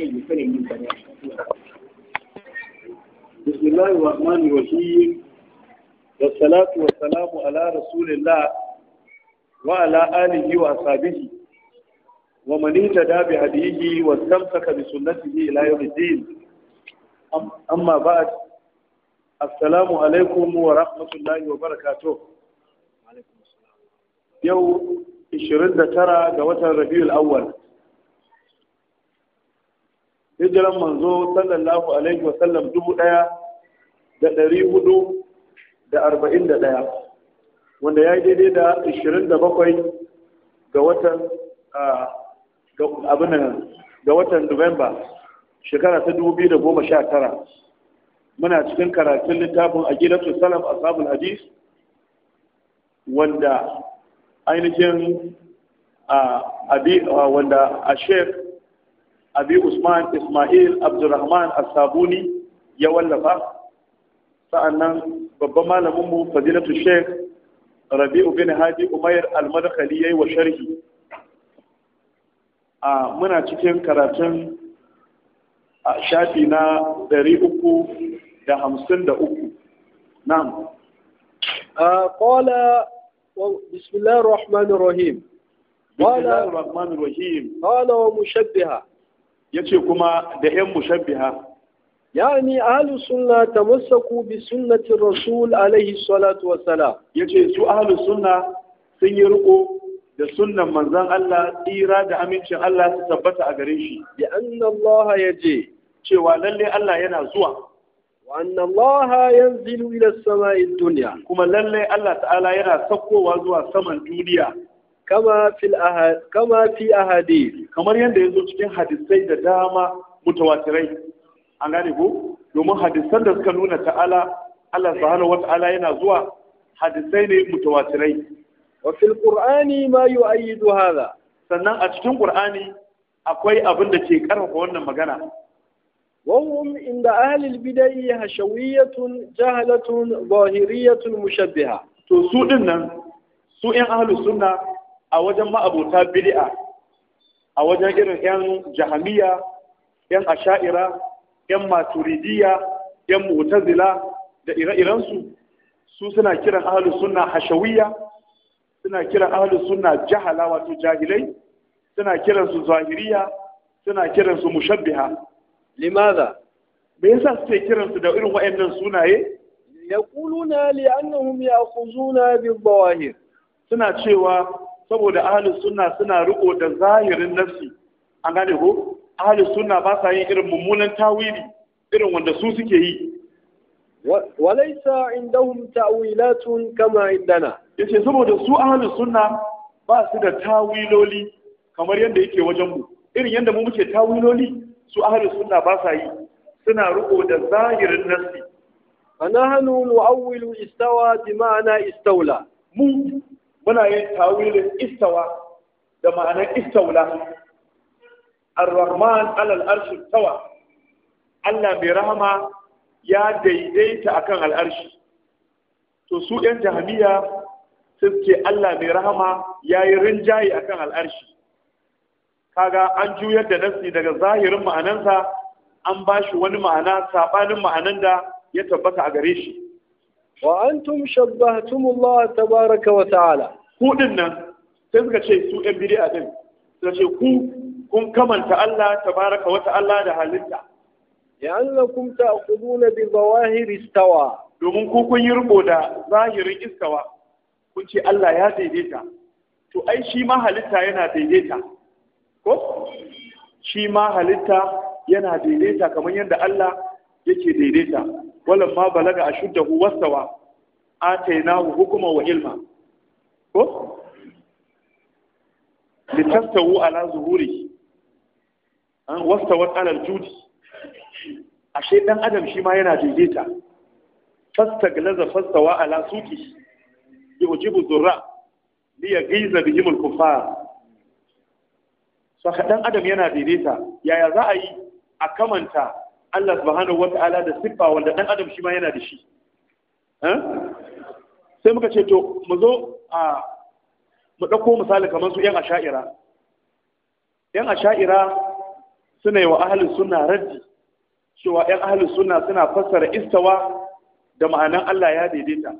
بسم الله الرحمن الرحيم والصلاة والسلام على رسول الله وعلى آله وأصحابه ومن اهتدى بهديه واستمسك بسنته إلى يوم الدين أما بعد السلام عليكم ورحمة الله وبركاته يوم 29 ga watan Rabiul Awwal hijiran manzo sallallahu alaihi wa sallam dubu ɗaya da ɗari hudu da arba'in da ɗaya wanda ya yi daidai da ishirin da bakwai ga watan abinan ga watan nuwamba shekara ta dubu biyu da goma sha tara muna cikin karatun littafin a gidan a sabon hadis wanda ainihin a wanda a shek abi usman ismail Abdulrahman, as-sabuni ya wallafa sa'annan babban malaminmu fadilatu sheikh rabi'u bin hadi umair al-madkhali yayi wa sharhi a muna cikin karatun a shafi na 353 na'am قال بسم الله الرحمن الرحيم قال بسم الله الرحمن الرحيم قال ومشبهه yace kuma da yan mushabbiha yani ahlu sunna tamassaku bi sunnati rasul alaihi salatu wassalam yace su ahlu sunna sun yi riko da sunnan manzon Allah tsira da amincin Allah su tabbata a gare shi bi anna Allah yaje cewa lalle Allah yana zuwa wa anna Allah yanzilu ila samai dunya kuma lalle Allah ta'ala yana sakkowa zuwa saman duniya kama fil ahad kama fi ahadith kamar ya zo cikin hadisai da dama mutawatirai an gane ko domin hadisan da suka nuna ta'ala Allah subhanahu wata'ala yana zuwa hadisai ne mutawatirai wa fil qur'ani ma yu'ayyidu hadha sannan a cikin qur'ani akwai abin da ke karfafa wannan magana وهم عند أهل البدع هشوية جهلة ظاهرية مشبهة to su din nan su ƴan ahlus sunna a wajen ma'abuta bid'a a wajen irin 'yan jahamiya 'yan asha'ira 'yan maturidiya 'yan mu'tazila da ire-irensu su suna kiran ahalus suna hashawiya suna kiran ahalus suna jahala wato jahilai suna kiran su zahiriya suna kiran su mushabbiha limaza me yasa suke kiran su da irin wayannan sunaye yaquluna li annahum ya'khuzuna bil bawahir suna cewa saboda ahalin suna suna riko da zahirin nafsi an gane ko ahalin suna ba sa yin irin mummunan tawili irin wanda su suke yi walaysa indahum ta'wilatun kama indana yace saboda su ahalin suna ba su da tawiloli kamar yadda yake wajen mu irin yadda mu muke tawiloli su ahalin suna ba sa yi suna riko da zahirin nafsi فنحن نؤول استوى بمعنى استولى mu muna yin tawilin istawa da ma'anar istaula ar-rahman alal arshi tawa Allah mai rahama ya daidaita akan al'arshi to su ɗan jahamiya sun ce Allah mai rahama ya yi rinjaye akan al'arshi kaga an juyar da nasi daga zahirin ma'anansa an ba shi wani ma'ana saɓanin ma'anan da ya tabbata a gare shi wa antum shabbatumullah tabaraka wa ta'ala ku dinnan sai suka ce su ɗan bid'a din suka ce ku kun kamanta Allah tabaraka wa ta'ala da halitta ya'annakum ta'khuduna bi zawahir istawa domin ku kun yi rubo da zahirin istawa kun ce Allah ya daidaita to ai shi ma halitta yana daidaita ko shi ma halitta yana daidaita kamar yadda Allah yake daidaita Wala ma balaga ashuddahu wasawa. atainahu hukuma wa ilma ko litastawu ala zuhuri an wastawat ala aljudi ashe dan adam shi ma yana daidaita fastaglaza fastawa ala suki yujibu dhurra li yagiza bihim alkufar saka dan adam yana daidaita yaya za a yi a kamanta Allah subhanahu wata'ala da siffa wanda dan adam shi ma yana da shi eh sai muka ce to mu zo a mu ɗauko misali kamar su 'yan asha'ira 'yan asha'ira suna yi wa ahalin suna raddi cewa 'yan ahalin suna suna fassara istawa da ma'anan Allah ya daidaita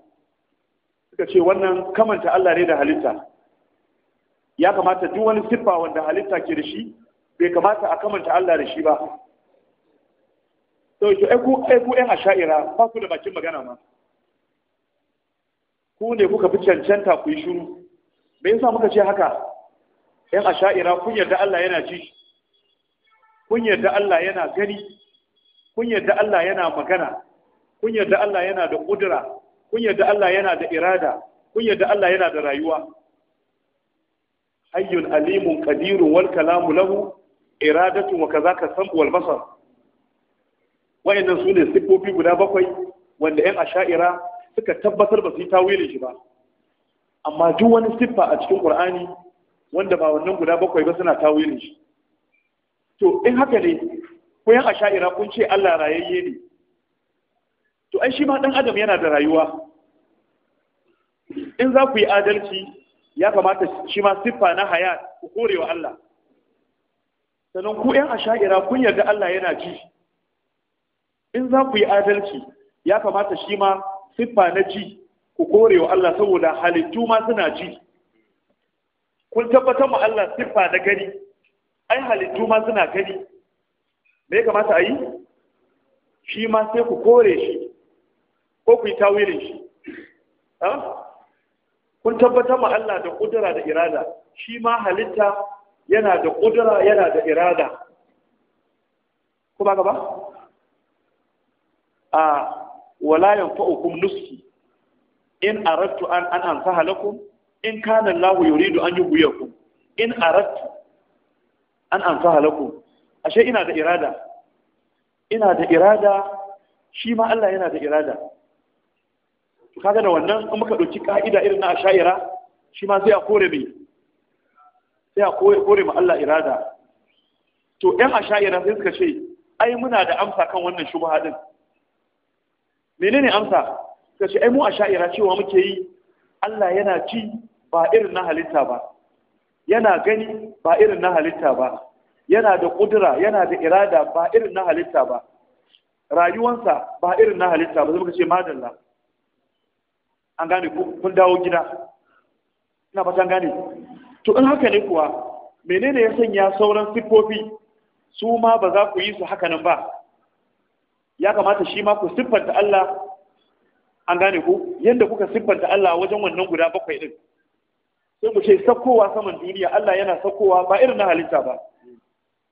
suka ce wannan kamanta Allah ne da halitta ya kamata duk wani siffa wanda halitta ke da shi bai kamata a kamanta Allah da shi ba. Sau, ai ku ‘yan asha'ira ba ku da bakin magana ma. ku ne kuka fi cancanta ku yi shiru me yasa muka ce haka yan asha'ira kun yarda Allah yana ji kun yarda Allah yana gani kun yarda Allah yana magana kun yarda Allah yana da kudura kun yarda Allah yana da irada kun yarda Allah yana da rayuwa hayyun alimun qadirun wal kalamu lahu iradatu wa kazaka sam'u wal basar wayannan sune sifofi guda bakwai wanda yan asha'ira suka tabbatar ba su yi tawili shi ba amma duk wani siffa a cikin qur'ani wanda ba wannan guda bakwai ba suna tawili shi to in haka ne ko yan asha'ira kun ce Allah rayayye ne to ai shi ma dan adam yana da rayuwa in za ku yi adalci ya kamata shi ma siffa na haya ku korewa Allah sannan ku yan asha'ira kun yarda Allah yana ji in za ku yi adalci ya kamata shi ma siffa na ji ku kore wa Allah saboda halittu ma suna ji kun tabbatar ma Allah siffa na gani ai halittu ma suna gani me ya kamata a yi shi ma sai ku kore shi ko ku yi tawilin shi kun tabbatar ma Allah da kudura da irada shi ma halitta yana da kudura yana da irada ko ba gaba a wala ينفعكم nuski in aradtu an an ansaha لكم in كان الله يريد an yughwiyakum in aradtu an ansaha لكم ashe ina da irada ina da irada shi ma Allah yana da irada to kaga da wannan in muka dauki ka'ida irin na asha'ira shi ma sai a kore mai sai a kore ma Allah irada to ɗan asha'ira sai suka ce ai muna da amsa kan wannan shubha din menene amsa ka ce ai mu a sha'ira cewa muke yi Allah yana ci ba irin na halitta ba yana gani ba irin na halitta ba yana da kudura yana da irada ba irin na halitta ba rayuwansa ba irin na halitta ba zai muka ce madalla an gane kun dawo gida ina fatan gane to in haka ne kuwa menene ya sanya sauran siffofi su ma ba za ku yi su nan ba ya kamata shi ma ku siffanta Allah an gane ku yadda kuka siffanta Allah wajen wannan guda bakwai din sai mu ce sakkowa saman duniya Allah yana sakkowa ba irin na halitta ba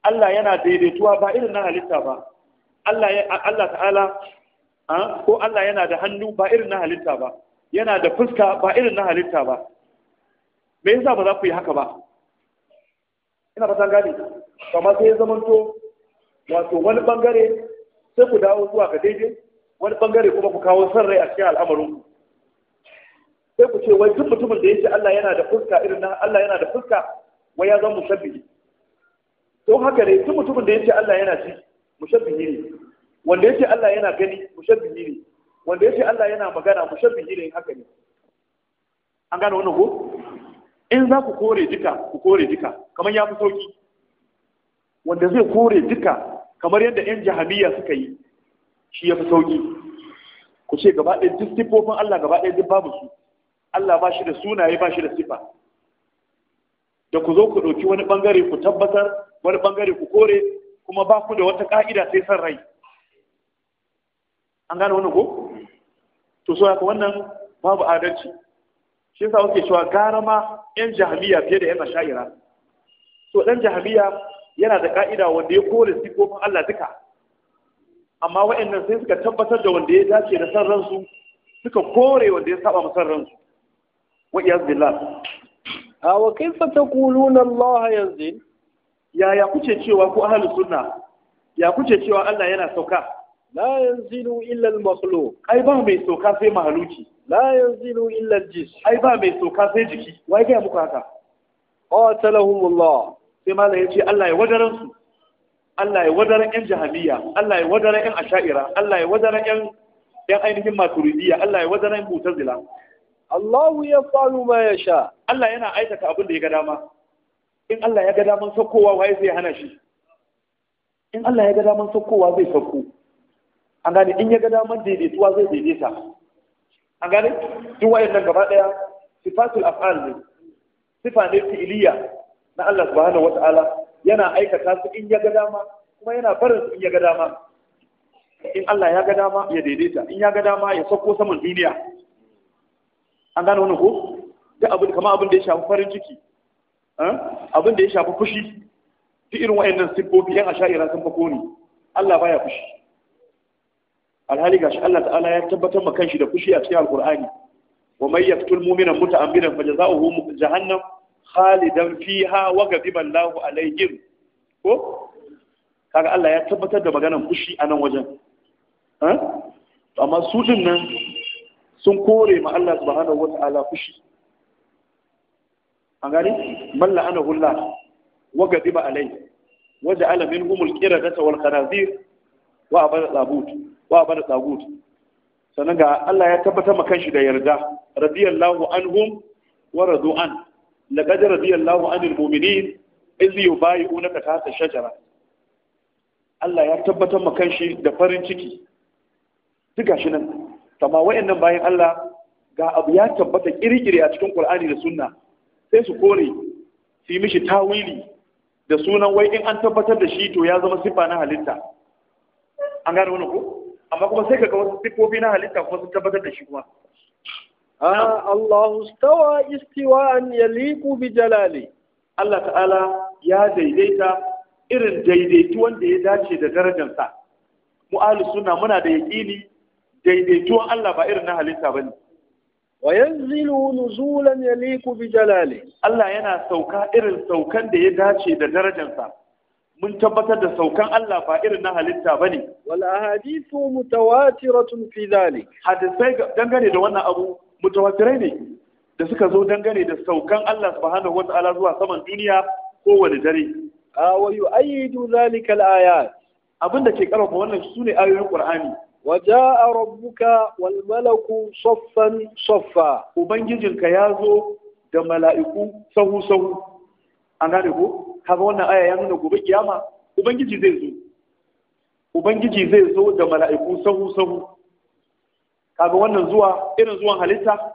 Allah yana daidaituwa ba irin na halitta ba Allah Allah ta'ala ah, ko Allah yana da hannu ba irin na halitta ba yana da fuska ba irin na halitta ba me yasa ba za ku yi haka ba ina fatan gane kamar sai ya zamanto wato wani bangare sai ku dawo zuwa ga daidai wani bangare kuma ku kawo son rai a cikin al'amarin ku sai ku ce wai duk mutumin da yake Allah yana da fuska irin na Allah yana da fuska wai ya zama mushabbihi to haka ne duk mutumin da yake Allah yana ci mushabbihi ne wanda yake Allah yana gani mushabbihi ne wanda yake Allah yana magana mushabbihi ne haka ne an gane wannan ko in za ku kore duka ku kore duka kamar ya fi sauki wanda zai kore duka kamar yadda 'yan jahamiya suka yi shi ya fi sauƙi ku ce gaba ɗaya duk siffofin Allah gaba ɗaya duk babu su Allah ba shi da sunaye ba shi da siffa da ku zo ku ɗauki wani ɓangare ku tabbatar wani ɓangare ku kore kuma ba ku da wata ƙa'ida sai san rai an gane wani ko to so haka wannan babu adalci shi yasa kuke cewa gara ma 'yan jahamiya fiye da 'yan asha'ira so ɗan jahamiya yana da ka'ida wanda ya kore sifofin Allah duka amma wa'annan sai suka tabbatar da wanda ya dace da san ransu suka kore wanda ya saba masa ransu wa iyaz billah a wa kaifa taquluna Allah yanzil ya ya kuce cewa ku ahlus sunna ya kuce cewa Allah yana sauka la yanzilu illa al-makhluq ai ba mai sauka sai mahaluki la yanzilu illa al-jis ai ba mai sauka sai jiki wai ga muku haka qatalahumullah sai malam ya ce Allah ya wadaran su Allah ya wadaran yan jahamiya Allah ya wadaran yan asha'ira Allah ya wadaran yan yan ainihin maturidiyya Allah ya wadaran yan mutazila Allahu ya faru ma ya sha Allah yana aikata abin da ya ga dama in Allah ya ga daman saukowa waye zai hana shi in Allah ya ga daman saukowa zai sauko an gane in ya ga daman daidaituwa zai daidaita an gane duk wayannan gaba daya sifatul af'al ne sifa ne fi'iliya na Allah subhanahu wata'ala yana aikata su in ya ga dama kuma yana barin su in ya ga dama in Allah ya ga dama ya daidaita in ya ga dama ya sauko saman duniya an gane wannan ko duk abin kamar abin da ya shafi farin ciki eh? abin da ya shafi fushi duk irin wayannan siffofi yan asha'ira sun fako ne Allah baya fushi alhali gashi Allah ta'ala ya tabbatar ma kanshi da fushi a cikin alqur'ani wa may yaqtul mu'mina muta'ammidan fajaza'uhu jahannam khalidan fiha wa ghadiba Allahu alaihim ko kaga Allah ya tabbatar da maganar kushi a nan wajen amma su din nan sun kore ma Allah subhanahu wata'ala kushi an gani malla ana hulla wa gadiba alai wa ja'ala minhum al-qiradata wal khanazir wa abada tabut wa abada tabut sannan ga Allah ya tabbatar ma kanshi da yarda radiyallahu anhum wa radu an laqad radiyallahu anil mu'minin iz yubayi'unaka tahta shajara Allah ya tabbatar ma kanshi da farin ciki duk gashi nan amma wayannan bayan Allah ga abu ya tabbata kirkire a cikin Qur'ani da Sunna sai su kore su yi mishi tawili da sunan wai in an tabbatar da shi to ya zama siffa na halitta an gane wani ko amma kuma sai kaga wasu siffofi na halitta kuma sun tabbatar da shi kuma آه الله استوى استواء bi jalali. Allah ta'ala ya daidaita irin daidaituwan da ya dace da darajarsa mu ahli sunna muna da yaqini daidaituwan Allah ba irin na halitta bane wa yanzilu nuzulan yaliku bi jalali Allah yana sauka irin saukan da ya dace da darajarsa mun tabbatar da saukan Allah ba irin na halitta bane wal ahadithu mutawatiratun fi dhalik hadisai dangane da wannan abu mutawatirai ne da suka zo dangane da saukan Allah subhanahu wata'ala zuwa saman duniya kowane dare wa yu'ayyidu zalika al-ayat abinda ke karfafa wannan sune ayoyin Qur'ani wa jaa rabbuka wal malaku saffan saffa ubangijinka yazo da mala'iku sahu sahu an gane ko kaga wannan aya ya nuna gobe kiyama ubangiji zai zo ubangiji zai zo da mala'iku sahu sahu kaga wannan zuwa irin zuwan halitta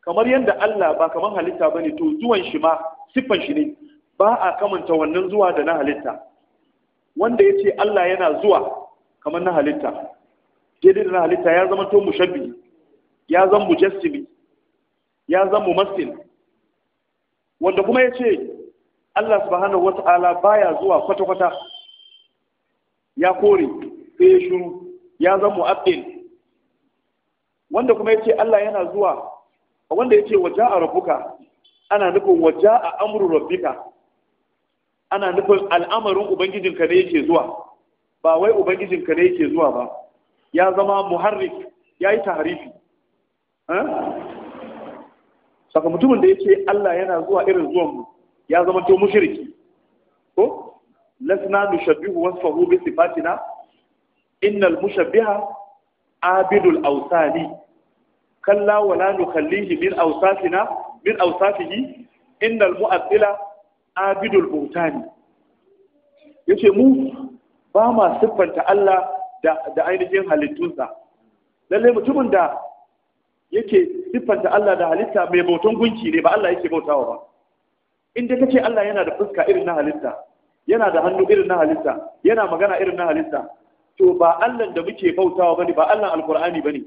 kamar yadda Allah ba kamar halitta bane to zuwan shi ma siffan shi ne ba a kamanta wannan zuwa da na halitta wanda yace Allah yana zuwa kamar na halitta daidai da na halitta ya zama to mushabbi ya zama mujassimi ya zama mumassil wanda kuma yace Allah subhanahu wata'ala baya zuwa kwata-kwata ya kore sai ya shuru ya zama mu'abbin wanda kuma yace Allah yana zuwa wanda yace a rabbuka ana nufin a amru rabbika ana nufin al'amarin ubangijinka ne yake zuwa ba wai ubangijinka ne yake zuwa ba ya zama muharrik ya yi taharifi saka mutumin da yake Allah yana zuwa irin zuwan mu ya zama to mushriki ko lasna nushabbihu wasfahu bi sifatina innal mushabbiha abidul awsani kalla wala nukallihi min awsafina min awsafihi innal mu'attila abidul buhtani yace mu ba ma siffanta Allah da ainihin halittunsa lalle mutumin da yake siffanta Allah da halitta mai bautan gunki ne ba Allah yake bautawa ba in dai kace Allah yana da fuska irin na halitta yana da hannu irin na halitta yana magana irin na halitta to ba Allah da muke bautawa bane ba Allah alqur'ani bane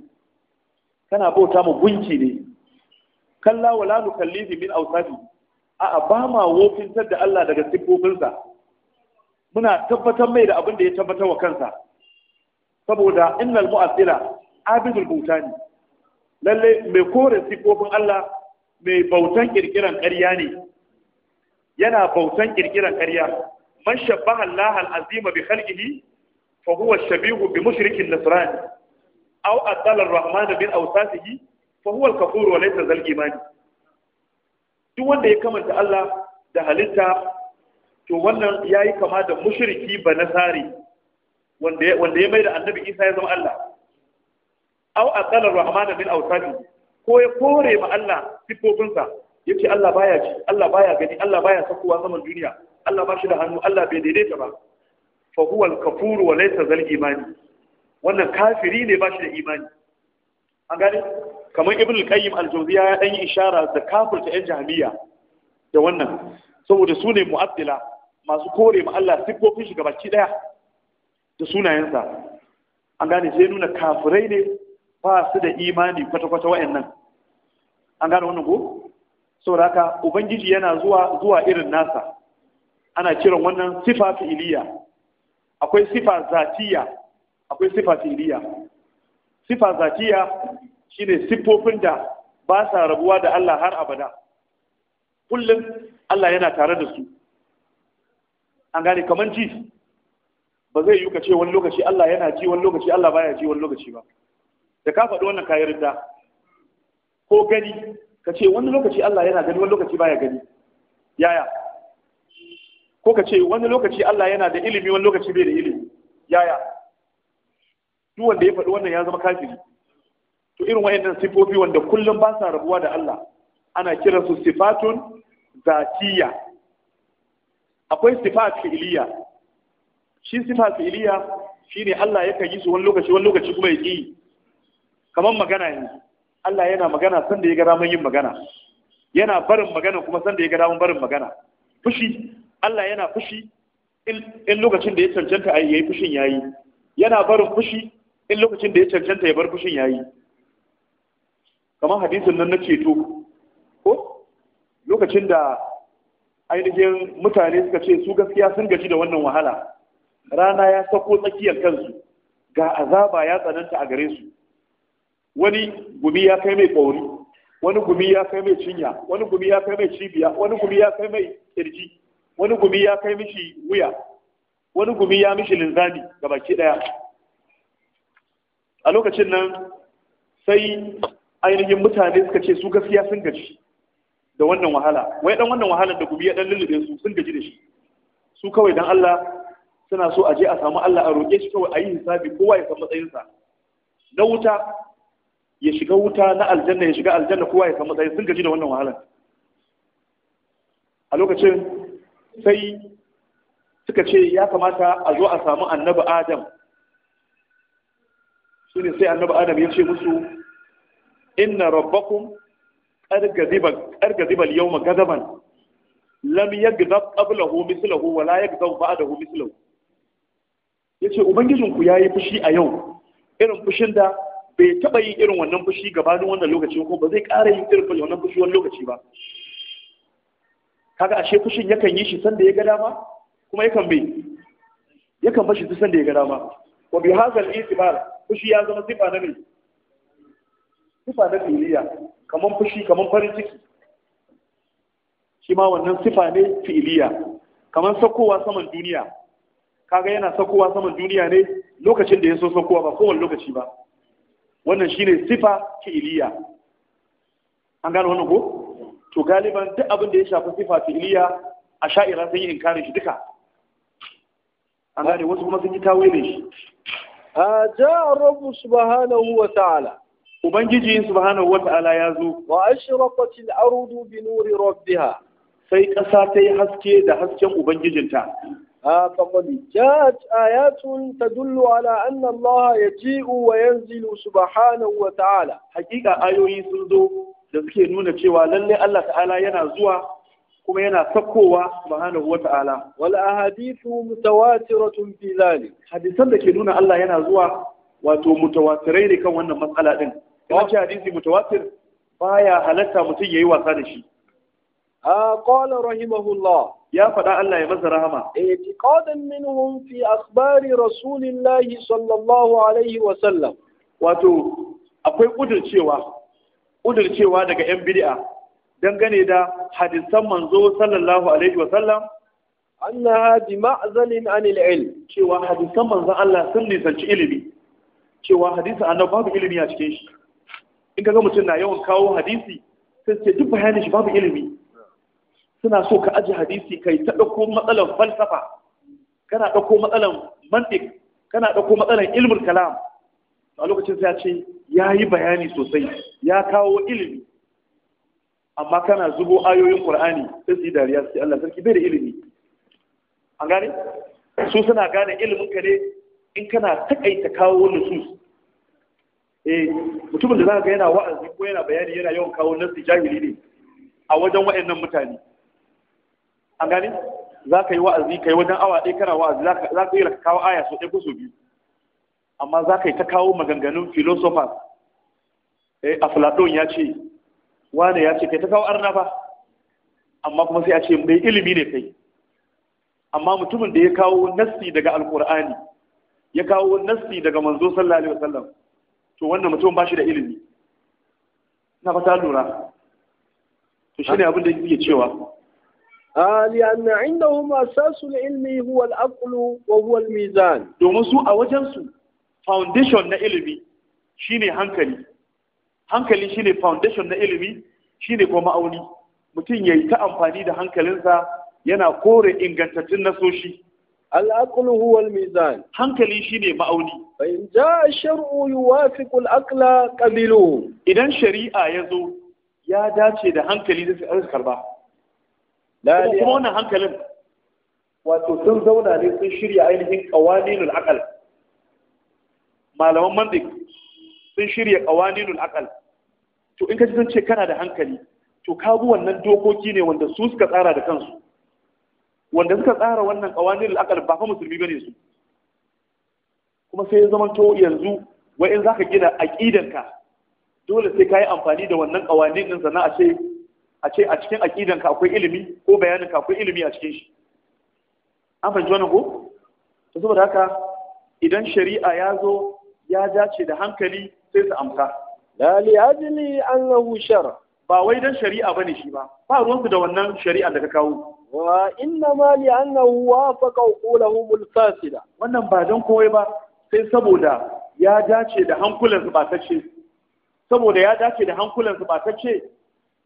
kana bauta mu gunki ne kalla wala nukallihi min awsafi a ba ma wofintar da Allah daga sifofinsa. muna tabbatar mai da abin da ya tabbatar wa kansa saboda innal mu'assila abidul bautani lalle mai kore sifofin Allah mai bautan kirkiran ƙarya ne yana bautan kirkiran ƙarya man shabbaha Allah al-azima bi khalqihi fa huwa shabihu bi mushrikin nasrani aw asala ar-rahman bin awsatihi fa huwa al-kafur wa laysa zal imani duk wanda ya kamanta Allah da halitta to wannan yayi kama da mushriki ba nasari wanda wanda ya maida annabi Isa ya zama Allah aw asala ar-rahman bin awsatihi ko ya kore ma Allah sifofinsa yace Allah baya Allah baya gani Allah baya sakuwa saman duniya Allah ba shi da hannu Allah bai daidaita ba fa huwa al-kafur wa laysa zal imani wannan kafiri ne ba shi da imani an gane kamar ibn al-qayyim al-jawziya ya dan yi ishara da ta yan jahiliya da wannan saboda su ne masu kore ma Allah siffofin shi gabaki daya da sunayensa an gane sai nuna kafirai ne ba su da imani kwata-kwata wayannan. an gane wannan ko saboda haka ubangiji yana zuwa zuwa irin nasa ana kiran wannan sifa fi'iliya akwai sifa zatiya akwai sifa fi'iliya sifa zatiya shine siffofin da ba sa rabuwa da Allah har abada kullum Allah yana tare da su an gane kaman ji ba zai yi kace wani lokaci Allah yana ji wani lokaci Allah baya ji wani lokaci ba da ka faɗi wannan kayan da ko gani ka ce wani lokaci Allah yana gani wani lokaci baya gani yaya ko ka ce wani lokaci Allah yana da ilimi wani lokaci bai da ilimi yaya duk wanda ya faɗi wannan ya zama kafiri to irin wa'annan sifofi wanda kullum ba sa rabuwa da Allah ana kiransu sifatun zatiya akwai sifat fi'liya shi sifat fi'liya shine Allah yakan yi su wani lokaci wani lokaci kuma ya yi kamar magana ne Allah yana magana sanda ya ga ramin yin magana yana barin magana kuma sanda ya ga ramin barin magana fushi Allah yana fushi in lokacin da ya cancanta a yi fushin ya yi yana barin fushi in lokacin da ya cancanta ya bar fushin yayi kamar hadisin nan na ceto ko lokacin da ainihin mutane suka ce su gaskiya sun gaji da wannan wahala rana ya sako tsakiyar kansu ga azaba ya tsananta a gare su wani gumi ya kai mai ƙauri, wani gumi ya kai mai cinya wani gumi ya kai mai cibiya wani gumi ya kai mai kirji wani gumi ya kai mishi wuya wani gumi ya mishi linzami ga baki ɗaya. a lokacin nan sai ainihin mutane suka ce su gaskiya sun gaji da wannan wahala wai dan wannan wahalar da gubi ya dan lullube su sun gaji da shi su kawai dan Allah suna so a je a samu Allah a roƙe shi kawai a yi hisabi kowa ya san matsayinsa na wuta ya shiga wuta na aljanna ya shiga aljanna kowa ya san matsayin sun gaji da wannan wahala a lokacin sai suka ce ya kamata a zo a samu annabi adam su ne sai annabi adam ya ce musu inna rabbakum ƙargazibal yau ma gadaban lam yagzab qablahu mislahu wa la yagzab ba'dahu mislahu yace ubangijinku yayi fushi a yau irin fushin da bai taba yin irin wannan fushi gabanin wannan lokaci ko ba zai ƙara yin irin wannan fushi wani lokaci ba kaga ashe fushin yakan yi shi sanda ya ga dama kuma yakan bai yakan bashi duk sanda ya ga dama wa bi hadha al-itibar fushi ya zama sifa na mai sifa na filiya kamar fushi kamar farin ciki shi ma wannan sifa ne filiya kamar sakowa saman duniya kaga yana sakowa saman duniya ne lokacin da ya so sakowa ba kowane lokaci ba wannan shine sifa fi'iliya an gano wannan ko to galiban duk abin da ya shafi sifa fi'iliya a sha'ira sun yi inkarin shi duka an gane wasu kuma sun yi ne shi جاء الرب سبحانه وتعالى Ubangiji subhanahu wa ta'ala ya zo, wa ashraqatil ardu bi nuri rabbiha sai ƙasa tayi haske da hasken Ubangijinta. A faƙali, ja'at ayatun tadullu ala anna Allah ya ji'u wa yanzilu subhanahu wa ta'ala. Hakika ayoyi sun zo da suke nuna cewa lallai Allah ta'ala yana zuwa kuma yana sakkowa subhanahu wata'ala wal ahadithu mutawatiratun fi zalik hadisan da ke nuna Allah yana zuwa wato mutawatirai ne kan wannan matsala din wace hadisi mutawatir baya halatta mutum yayi wasa da shi a qala rahimahullah ya faɗa Allah ya masa rahama i'tiqadan minhum fi akhbari rasulillah sallallahu alaihi wa sallam wato akwai kudircewa cewa daga yan bid'a dangane da hadisan manzo sallallahu alaihi wa sallam annaha bi ma'zalin anil ilm cewa hadisan manzo Allah sun nisanci ilimi cewa hadisi annabi babu ilimi a cikin shi in kaga mutum na yawan kawo hadisi sai ce duk bayanin shi babu ilimi suna so ka aji hadisi kai ta dauko matsalan falsafa kana ɗauko matsalan mantik kana ɗauko matsalan ilmul kalam a lokacin sai ya ce yayi bayani sosai ya kawo ilimi amma kana zubo ayoyin qur'ani sai su yi dariya su ce Allah sarki bai da ilimi an gane su suna gane ilimin ka ne in kana takaita kawo su. eh mutumin da za ga yana wa'azi ko yana bayani yana yawan kawo nasu jahili ne a wajen wa'annan mutane an gane za ka yi wa'azi ka yi wajen awa ɗaya kana wa'azi za ka ka kawo aya sau ɗaya ko sau biyu amma za ka yi ta kawo maganganun philosophers eh afladon ya ce wane ya ce kai ta kawo arna ba amma kuma sai a ce mai ilimi ne kai amma mutumin da ya kawo nassi daga alkur'ani ya kawo nassi daga manzo sallallahu alaihi wasallam to wannan mutum ba shi da ilimi na fata lura to shine abin da yake cewa لأن عندهم أساس العلم هو العقل وهو الميزان domin su a wajen su foundation na ilimi shine hankali hankali shine foundation na ilimi shine kuma ma'auni mutum yayi ta amfani da hankalinsa yana kore ingantattun nasoshi huwa al-mizan hankali shine ma'auni fa in jaa shar'u yuwafiqu al-aqla qabilu idan shari'a yazo ya dace da hankali da su karba kuma wannan hankalin wato sun zauna ne sun shirya ainihin al aql malaman mantiki sun shirya kawaninul akal to in ka ji ce kana da hankali to ka bi wannan dokoki ne wanda su suka tsara da kansu wanda suka tsara wannan kawaninul akal ba fa musulmi bane su kuma sai ya zama to yanzu wai in zaka gina aqidanka dole sai ka yi amfani da wannan kawanin din sannan a ce a ce a cikin aqidanka akwai ilimi ko bayaninka akwai ilimi a cikin shi an fahimci wannan ko to saboda haka idan shari'a ya zo ya dace da hankali sai su amsa la li an shar ba wai dan shari'a bane shi ba ba ruwansu da wannan shari'a da ka kawo wa inna ma li annahu wafaqa qawluhum al-fasida wannan ba dan kowai ba sai saboda ya dace da hankulansu ba ce. saboda ya dace da hankulansu ba ce.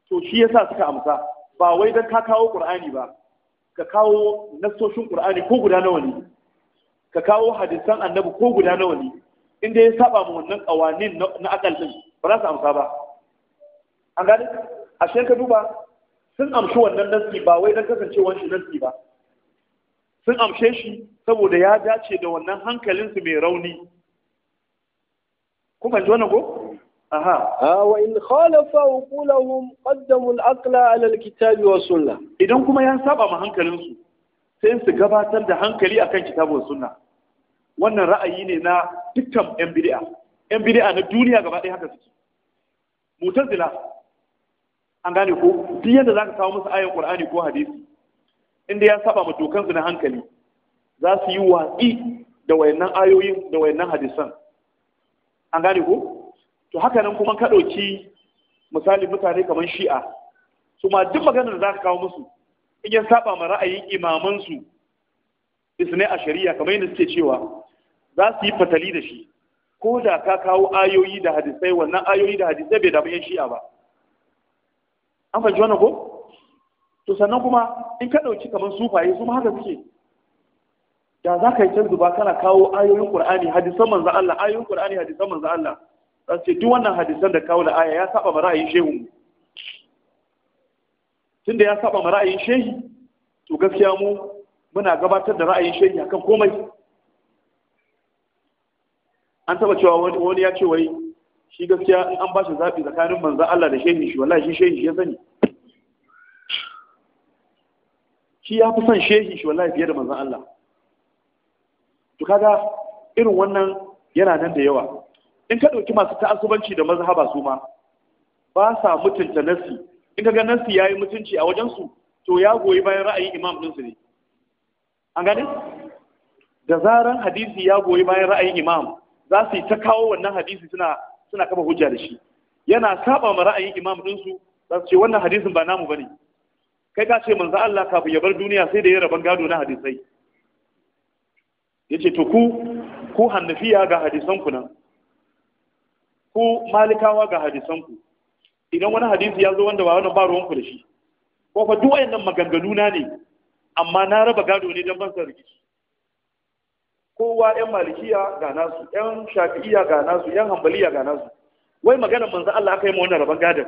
to shi yasa suka amsa ba wai dan ka kawo qur'ani ba ka kawo nassoshin qur'ani ko guda nawa ne ka kawo hadisan annabi ko guda nawa ne in dai ya saba mu wannan kawanin na akal din ba za su amsa ba an gani shi ka duba sun amshi wannan nasi ba wai dan kasance shi nasi ba sun amshe shi saboda ya dace da wannan hankalinsu mai rauni kuma ji wannan ko aha ah, wa in khalafa uqulahum qaddamu al-aqla ala al-kitabi wa sunna idan kuma ya saba ma hankalinsu sai su gabatar da hankali akan kitabu wa sunna wannan ra'ayi ne na dukkan yan bid'a yan bid'a na duniya gaba ɗaya haka suke mutazila an gane ko duk yadda ka kawo musu ayan ƙur'ani ko hadisi inda ya saba ma dokan su na hankali za su yi watsi da wayannan ayoyin da wayannan hadisan an gane ko to haka nan kuma ka ɗauki misali mutane kamar shi'a su ma duk maganar da za ka kawo musu in ya saba ma ra'ayin imamansu isne a shari'a kamar yadda suke cewa za su yi fatali da shi ko da ka kawo ayoyi da hadisai wannan ayoyi da hadisai bai damu yan shi'a ba an fahimci wannan ko to sannan kuma in ka ɗauki kamar sufaye su ma haka suke da za ka yi can zuba kana kawo ayoyin qur'ani hadisan manzo Allah ayoyin qur'ani hadisan manzo Allah za su ce duk wannan hadisan da kawo da aya ya saba mara ra'ayin shehu tunda ya saba mara ra'ayin shehi to gaskiya mu muna gabatar da ra'ayin shehi akan komai an taba cewa wani ya ce wai shi gaskiya an ba shi zaɓi tsakanin manzan Allah da shehi shi wallahi shi shehi shi ya sani shi ya fi son shehi shi wallahi fiye da manzan Allah to kaga irin wannan yana nan da yawa in ka ɗauki masu ta'asubanci da mazhaba su ma ba sa mutunta nasi in ka ga nasi ya yi mutunci a wajensu to ya goyi bayan ra'ayin imam su ne an gane da zaran hadisi ya goyi bayan ra'ayin imam za su yi ta kawo wannan hadisi suna suna hujja da shi yana saba ma ra'ayin imam din su za su ce wannan hadisin ba namu bane kai ka ce manzo Allah kafin ya bar duniya sai da ya raban gado na hadisai yace to ku ku hannafiya ga hadisan nan ku malikawa ga hadisan idan wani hadisi ya zo wanda ba wannan ba ruwan da shi ko fa duk wayannan maganganu na ne amma na raba gado ne don ban rikici kowa yan malikiya ga nasu yan shafi'iya ga nasu yan hambaliya ga nasu wai magana manzo Allah aka yi mu wannan rabon gadon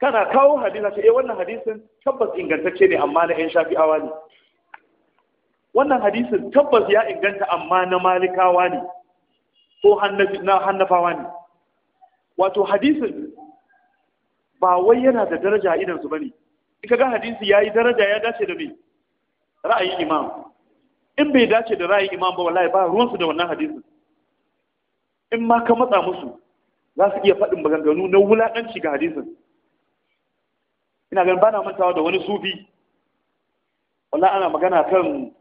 kana kawo hadisa ce eh wannan hadisin tabbas ingantacce ne amma na yan shafi'awa ne wannan hadisin tabbas ya inganta amma na malikawa ne ko na hannafawa ne wato hadisin ba wai yana da daraja idan su bane in ka ga hadisi yayi daraja ya dace da me ra'ayin imam in bai dace da ra'ayin imam ba wallahi ba ruwansu da wannan hadisin in ma ka matsa musu za su iya faɗin maganganu na wulaƙanci ga hadisin ina ganin bana mantawa da wani sufi wallahi ana magana kan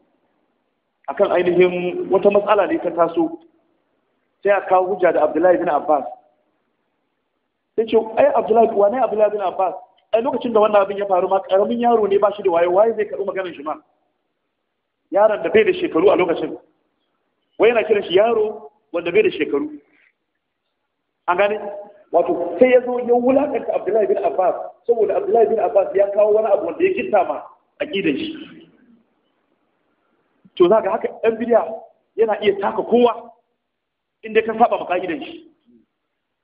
akan ainihin wata matsala ne ta taso sai a kawo hujja da Abdullahi bin Abbas sai ce ai Abdullahi wa ne Abdullahi bin Abbas ai lokacin da wannan abin ya faru ma karamin yaro ne ba shi da waye waye zai karɓi maganar shi ma yaron da bai da shekaru a lokacin wai yana kiran shi yaro wanda bai da shekaru an gane wato sai ya zo ya wulakanta abdullahi bin abbas saboda abdullahi bin abbas ya kawo wani abu wanda ya kinta ma a gidan shi to za ga haka ɗan bidiya yana iya taka kowa inda ka saba maka'idan shi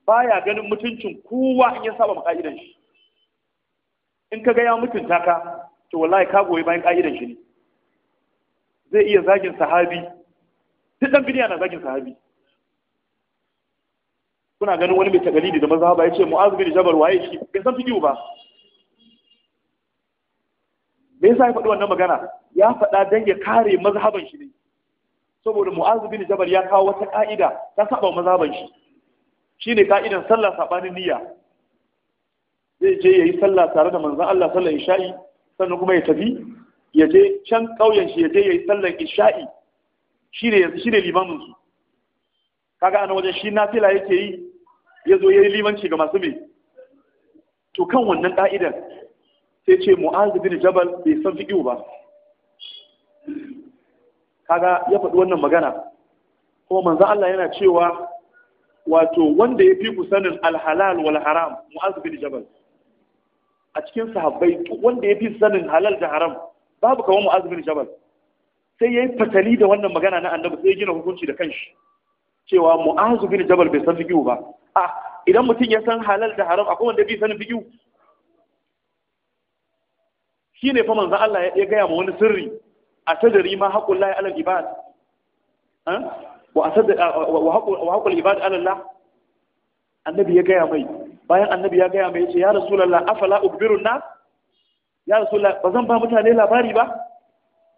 baya ganin mutuncin kowa in ya saba maka'idan shi in ka ga ya mutunta ka to wallahi ka goyi bayan ka'idan shi ne zai iya zagin sahabi duk dan bidiya na zagin sahabi kuna ganin wani mai tagalidi da mazhaba ya ce mu'az bin jabal waye shi bai san fiqh ba me yasa ya faɗi wannan magana ya faɗa dan ya kare mazhaban shi ne saboda mu'az bin jabal ya kawo wata ka'ida ta saba mazhaban shi ne ka'idan sallah sabanin niyya zai je ya yi sallah tare da manzon Allah ya isha'i sannan kuma ya tafi ya je can ƙauyen shi ya je ya yi sallar isha'i shi ne yanzu shi ne limamin su kaga ana wajen shi nafila yake yi ya zo ya yi limanci ga masu mai to kan wannan ƙa'idar sai ce mu'azu bin jabal bai san fiƙiu ba kaga ya faɗi wannan magana kuma manzo Allah yana cewa wato wanda ya fi ku sanin alhalal wal haram mu'az bin jabal a cikin sahabbai wanda ya fi sanin halal da haram babu kamar mu'az bin jabal sai yayi fatali da wannan magana na annabi sai ya gina hukunci da kanshi cewa mu'az bin jabal bai san fiqhu ba a idan mutum ya san halal da haram akwai wanda bai san fiqhu shine fa manzo Allah ya gaya ma wani sirri a tadari ma haqqullahi alal ibad wa wa haqqul ibad alallah annabi ya gaya mai bayan annabi ya gaya mai ya ce ya rasulullah afala ubirun na ya rasu ba zan ba mutane labari ba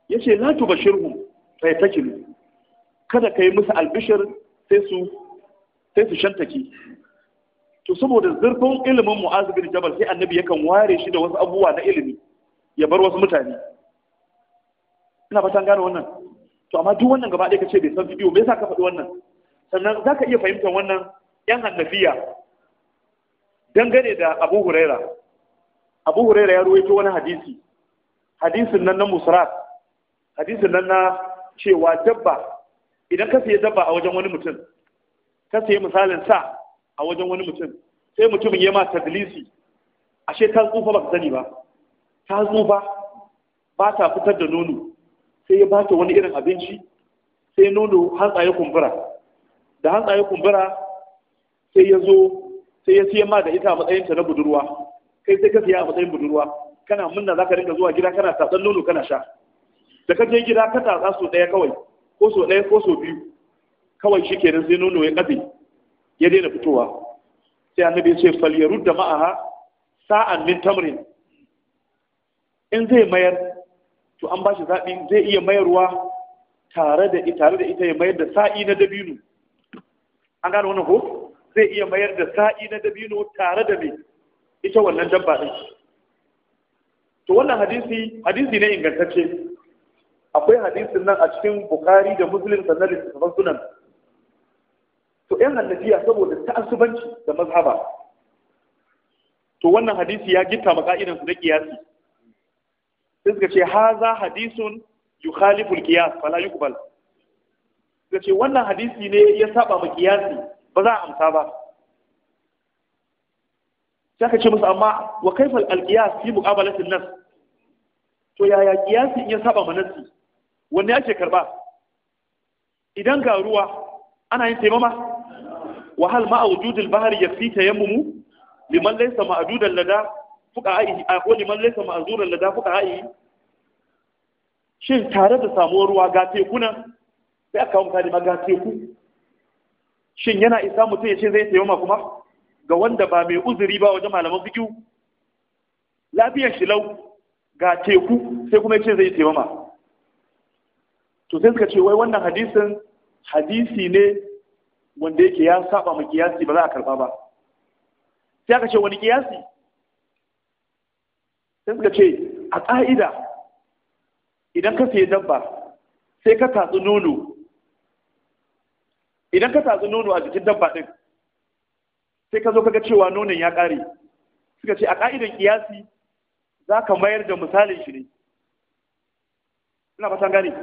ya ce la Ta fa yatakilu kada ka yi musu albishir sai su shantaki to saboda zurfin ilimin mu'az bin jabal sai annabi yakan ware shi da wasu abubuwa na ilimi ya bar wasu mutane ina ba gane wannan to amma duk wannan gaba ɗaya ka ce bai san bidiyo me yasa ka faɗi wannan sannan za ka iya fahimtar wannan yan hannafiya dangane da Abu Huraira abu huraira ya ruwaito wani hadisi hadisin nan na musrat hadisin nan na cewa dabba idan ka siya dabba a wajen wani mutum ka siya misalin sa a wajen wani mutum sai mutumin ya ma tadlisi ashe ta tsufa ba ka sani ba ta tsufa ba ta fitar da nono sai ya ba ta wani irin abinci sai nono hantsa kumbura da hantsa kumbura sai ya zo sai ya siya ma da ita a matsayinta na budurwa kai sai ka siya a matsayin budurwa kana munna zaka rinka zuwa gida kana tatsan nono kana sha da ka je gida ka tatsa so ɗaya kawai ko so ɗaya ko so biyu kawai shi kenan sai nono ya kabe ya daina fitowa sai annabi ya ce falyarud da ma'aha sa'an min tamrin in zai mayar to an ba shi zaɓi zai iya mayarwa tare da tare da ita ya mayar da sa'i na dabino an gane wannan ko zai iya mayar da sa'i na dabino tare da me ita wannan dabba ɗin to wannan hadisi hadisi ne ingantacce akwai hadisin nan a cikin bukari da muslim sannan littattafan sunan to yan hannafiya saboda ta'assubanci da mazhaba to wannan hadisi ya gitta maka'idansu da kiyasi sai suka ce haza hadisun yukhalifu al-qiyas fala yuqbal sai ce wannan hadisi ne ya saba ma kiyasi ba za a amsa ba saka ka ce musu amma wa kaifal alqiyas fi muqabalatin nas to yaya qiyasi in ya saba ma wanne yake karba idan ga ruwa ana yin taimama wa hal ma al bahri yafi tayammum liman laysa ma'dudan lada a ko liman laysa ma'zuran lada fuqa'i shin tare da samuwar ruwa ga tekunan sai aka kawo misali ma ga teku shin yana isa mutum ya ce zai taimama kuma ga wanda ba mai uzuri ba wajen malaman fikihu lafiyar shi lau ga teku sai kuma ya ce zai taimama to sai suka ce wai wannan hadisin hadisi ne wanda yake ya saba mu kiyasi ba za a karba ba sai aka ce wani kiyasi sai suka ce a ƙa'ida idan ka sayi dabba sai ka tatsi nono idan ka tatsi nono a jikin dabba ɗin sai ka zo kaga cewa nonon ya ƙare suka ce a ƙa'idan kiyasi za ka mayar da misalin shi ne ina fatan gane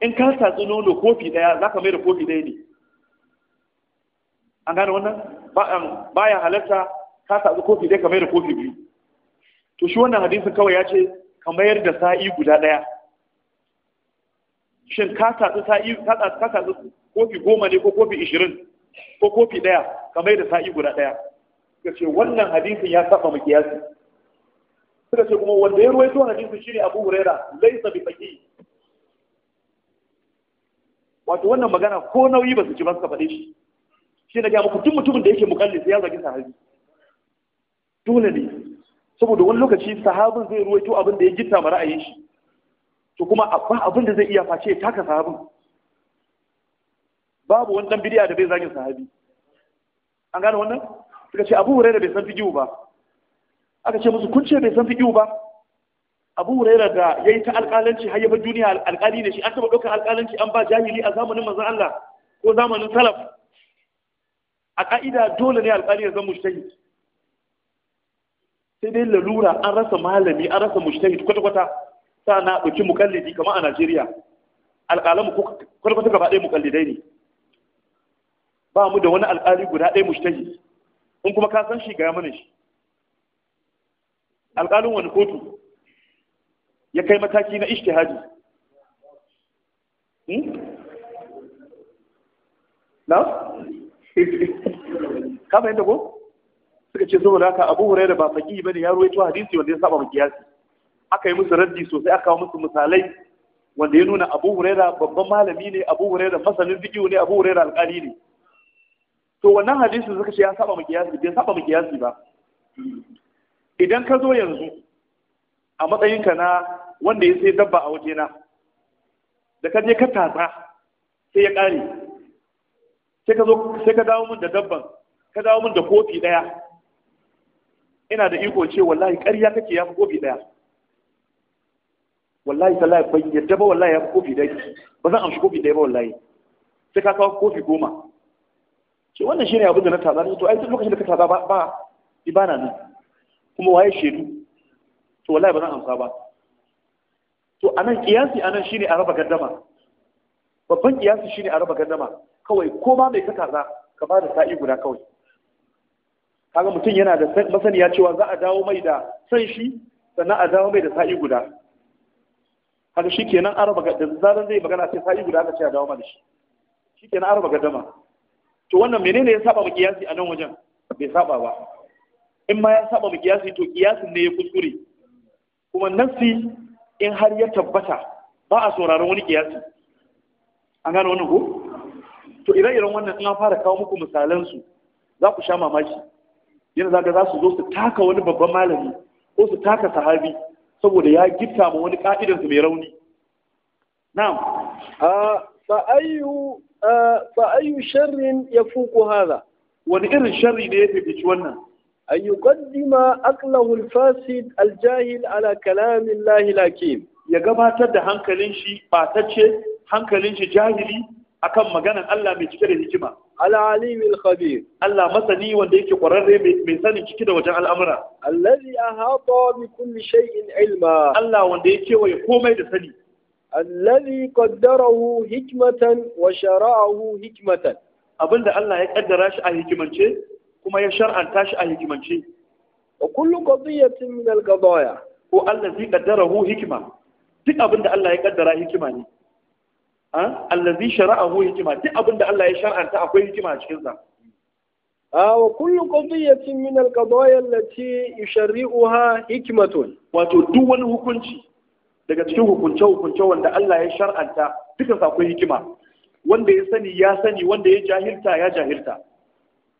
in ka tatsi nono kofi ɗaya za ka mayar da kofi ɗaya ne an gane wannan baya um, halarta ka tatsi kofi ɗaya ka mayar da kofi biyu to shi wannan hadisin kawai ya ce ka mayar da sa'i guda ɗaya shin ka tatsi sa'i ka tatsi kofi goma ne ko kofi ishirin ko kofi ɗaya ka mai da sa'i guda ɗaya suka ce wannan hadisin ya saba mu kiyasi suka ce kuma wanda ya ruwaito hadisin shine Abu Huraira laisa bi faqih wato wannan magana ko nauyi ba su ci ba suka faɗe shi shi na ga muku duk mutumin da yake mukallis sai ya zagi sahabi dole ne saboda wani lokaci sahabin zai ruwaito abin da ya gitta ma ra'ayin shi to kuma abin da zai iya face ya taka sahabin babu wani dan bidiya da bai zagin sahabi an gane wannan suka ce abu huraira bai san fiqihu ba aka ce musu kun ce bai san fiqihu ba abu huraira da yayi ta alƙalanci har yaba duniya alƙali ne shi an taɓa ɗaukar alƙalanci an ba jahili a zamanin manzon Allah ko zamanin salaf a ƙa'ida dole ne alƙali ya zama mujtahid sai dai lalura an rasa malami an rasa mujtahid kwata-kwata sa na ɗauki mukallidi kamar a Najeriya alƙalan kwata-kwata gaba ɗaya mukallidai ne ba mu da wani alƙali guda ɗaya mushtahi in kuma ka san shi ga mana shi alƙalin wani kotu ya kai mataki na ishtihadi hmm? na? ka yadda ko? suka ce saboda haka abu hurai da ba faƙi ba ne ya ruwaito hadisi wanda ya saba makiyasi aka yi musu raddi sosai aka kawo musu misalai wanda ya nuna abu hurai babban malami ne abu hurai masanin zikiyo ne abu hurai alƙali ne to wannan hadisin suka ce ya saba mu kiyasi bai saba mu kiyasi ba idan ka zo yanzu a matsayinka na wanda ya sai dabba a wajena da ka je ka tatsa sai ya ƙare sai ka zo sai ka dawo min da dabban ka dawo min da kofi ɗaya ina da iko ce wallahi ƙarya kake ya fi kofi ɗaya wallahi tallahi ban yadda ba wallahi ya fi kofi ɗaya ba zan amshi kofi ɗaya ba wallahi sai ka kawo kofi goma ce wannan ne abin da na taza to ai duk lokacin da ka taza ba ba ibana nan kuma waye shedu to wallahi ba zan amsa ba to anan kiyasi anan ne a raba gaddama babban kiyasi ne a raba gaddama kawai ko ma mai ka taza ka ba da sa'i guda kawai kaga mutum yana da masaniya cewa za a dawo mai da san shi sannan a dawo mai da sa'i guda haka shi kenan araba gaddama zaran zai magana sai sa'i guda aka ce a dawo mai da shi shi kenan araba gaddama to wannan menene ya saba kiyasi a nan wajen bai saba ba in ma ya saba kiyasi to kiyasin ne ya kuskure kuma nafsi in har ya tabbata ba a sauraron wani kiyasi an gane wannan ko to ire-iren wannan in an fara kawo muku su za ku sha mamaki yana zaga za su zo su taka wani babban malami ko su taka sahabi saboda ya gifta ma wani ka'idansu mai rauni na'am a ayyu fa ayu sharrin yafuqu hada. wani irin sharri ne ya fifici wannan an yi aqlahu al-fasid Aljahil ala Kalamin Allah ya gabatar da hankalin shi batacce hankalin shi jahili akan maganan Allah mai cike da hikima al-alim khabir Allah masani wanda yake kwararre mai sanin cike da wajen al'amura allazi ahata bi kulli shay'in ilma Allah wanda yake waye komai da sani allazi qaddarahu hikmatan wa shara'ahu hikmatan abinda Allah ya kaddara shi a hikimance kuma ya shar'anta shi a hikimance wa kullu qadiyatin min al-qadaya ko allazi qaddarahu hikma duk abinda Allah ya kaddara hikima ne a allazi shara'ahu hikima duk abinda Allah ya shar'anta akwai hikima a cikin sa وكل قضية من القضايا التي يشرعها حكمة وتدون hukunci daga cikin hukunce-hukunce wanda Allah ya shar'anta duka akwai hikima wanda ya sani ya sani wanda ya jahilta ya jahilta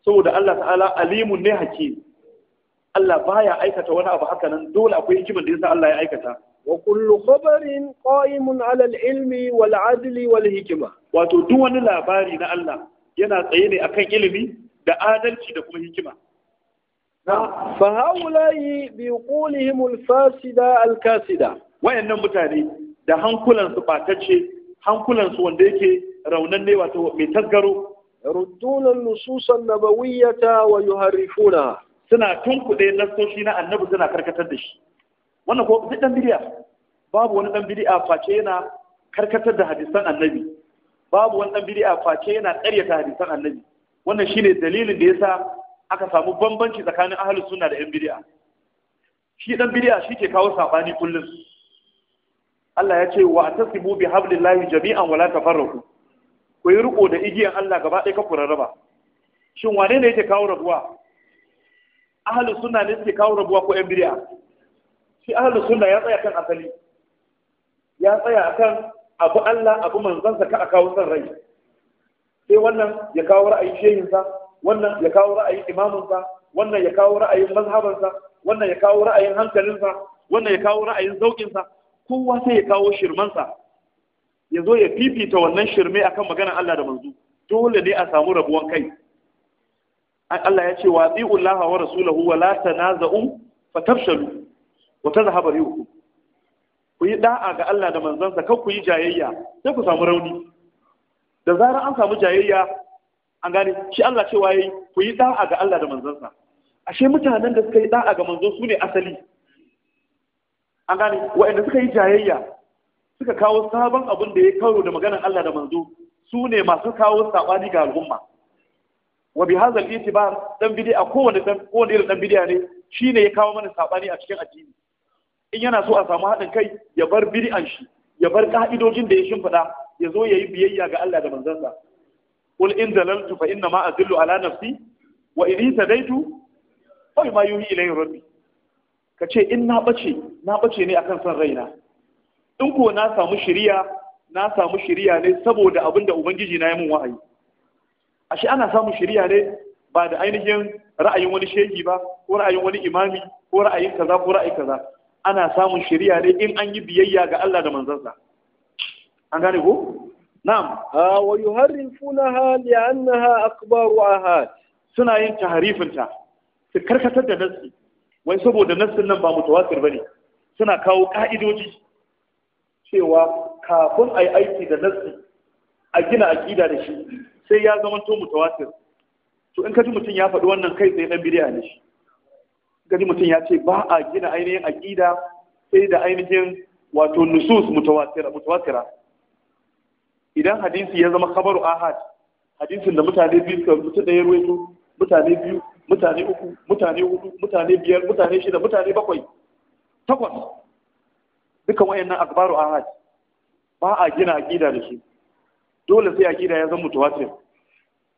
saboda Allah ta'ala alimun ne hakim Allah baya aikata wani abu haka nan dole akwai hikimar da yasa Allah ya aikata wa kullu khabarin qa'imun 'ala al-ilmi wal 'adli wal hikma wato duk wani labari na Allah yana tsaye ne akan ilimi da adalci da kuma hikima fa haula'i bi qulihim al-fasida al-kasida wayannan mutane da hankulansu batacce hankulansu wanda yake raunan ne wato mai tasgaro ruddunan nususan nabawiyyata wa yuharifuna. suna tunkuɗe nasoshi na annabi suna karkatar da shi wannan ko duk dan bidiya babu wani dan bidiya face yana karkatar da hadisan annabi babu wani dan bidiya face yana ƙaryata hadisan annabi wannan shine dalilin da yasa aka samu bambanci tsakanin ahlus sunna da yan shi dan bidiya shi ke kawo sabani kullum Allah ya ce wa tasibu bi hablillahi jami'an wala tafarraqu ku yi riko da igiyan Allah gaba ɗaya ka ku shin wane ne yake kawo rabuwa ahlu sunna ne yake kawo rabuwa ko yan bid'a shi ahlu sunna ya tsaya kan asali ya tsaya kan abu Allah abu sa ka kawo san rai sai wannan ya kawo ra'ayin sa wannan ya kawo ra'ayin imaminsa wannan ya kawo ra'ayin mazhabansa wannan ya kawo ra'ayin hankalinsa wannan ya kawo ra'ayin zauƙinsa kowa sai ya kawo shirmansa ya zo ya fifita wannan shirme akan maganar Allah da manzo dole ne a samu rabuwan kai Allah ya ce wa ullaha wa rasulahu wa la tanaza'u fatafshalu wa tazhaba riyukum ku yi da'a ga Allah da manzansa kar ku yi jayayya sai ku samu rauni da zarar an samu jayayya an gane shi Allah cewa yayi ku yi da'a ga Allah da manzansa ashe mutanen da suka yi da'a ga manzo su ne asali an gane waɗanda suka yi jayayya suka kawo sabon abin da ya karo da maganar Allah da manzo su ne masu kawo saɓani ga al'umma wa bi hadha al-itibar dan bid'a kowane dan kowane irin dan bid'a ne shine ya kawo mana saɓani a cikin addini in yana so a samu haɗin kai ya bar bid'an shi ya bar ka'idojin da ya shimfiɗa ya zo ya yi biyayya ga Allah da manzansa qul in dalaltu fa inna ma azillu ala nafsi wa in tadaitu fa ma yuhi ilayhi rabbi ka ce in na ɓace na ɓace ne akan son raina in ko na samu shiriya na samu shiriya ne saboda abin da ubangiji na yi mun wa'ayi ashe ana samun shiriya ne ba da ainihin ra'ayin wani shehi ba ko ra'ayin wani imami ko ra'ayin kaza ko ra'ayi kaza ana samun shiriya ne in an yi biyayya ga Allah da manzansa an gane ko na'am wa yuharrifunaha li'annaha akbaru ahad suna yin taharifinta su karkatar da nasi wai saboda nassin nan ba mutawatir bane suna kawo ka'idoji cewa kafin a yi aiki da nassi a gina aƙida da shi sai ya zama to mutawatir to in kaji mutum ya faɗi wannan kai tsaye dan bidiya ne shi kaji mutum ya ce ba a gina ainihin aƙida sai da ainihin wato nusus mutawatira mutawatira idan hadisi ya zama khabaru ahad hadisin da mutane biyu suka mutu ɗaya ruwaito mutane biyu mutane uku mutane hudu mutane biyar mutane shida mutane bakwai takwas dukan wayannan akbaru ahad ba a gina akida da shi. dole sai akida ya zama mutawatir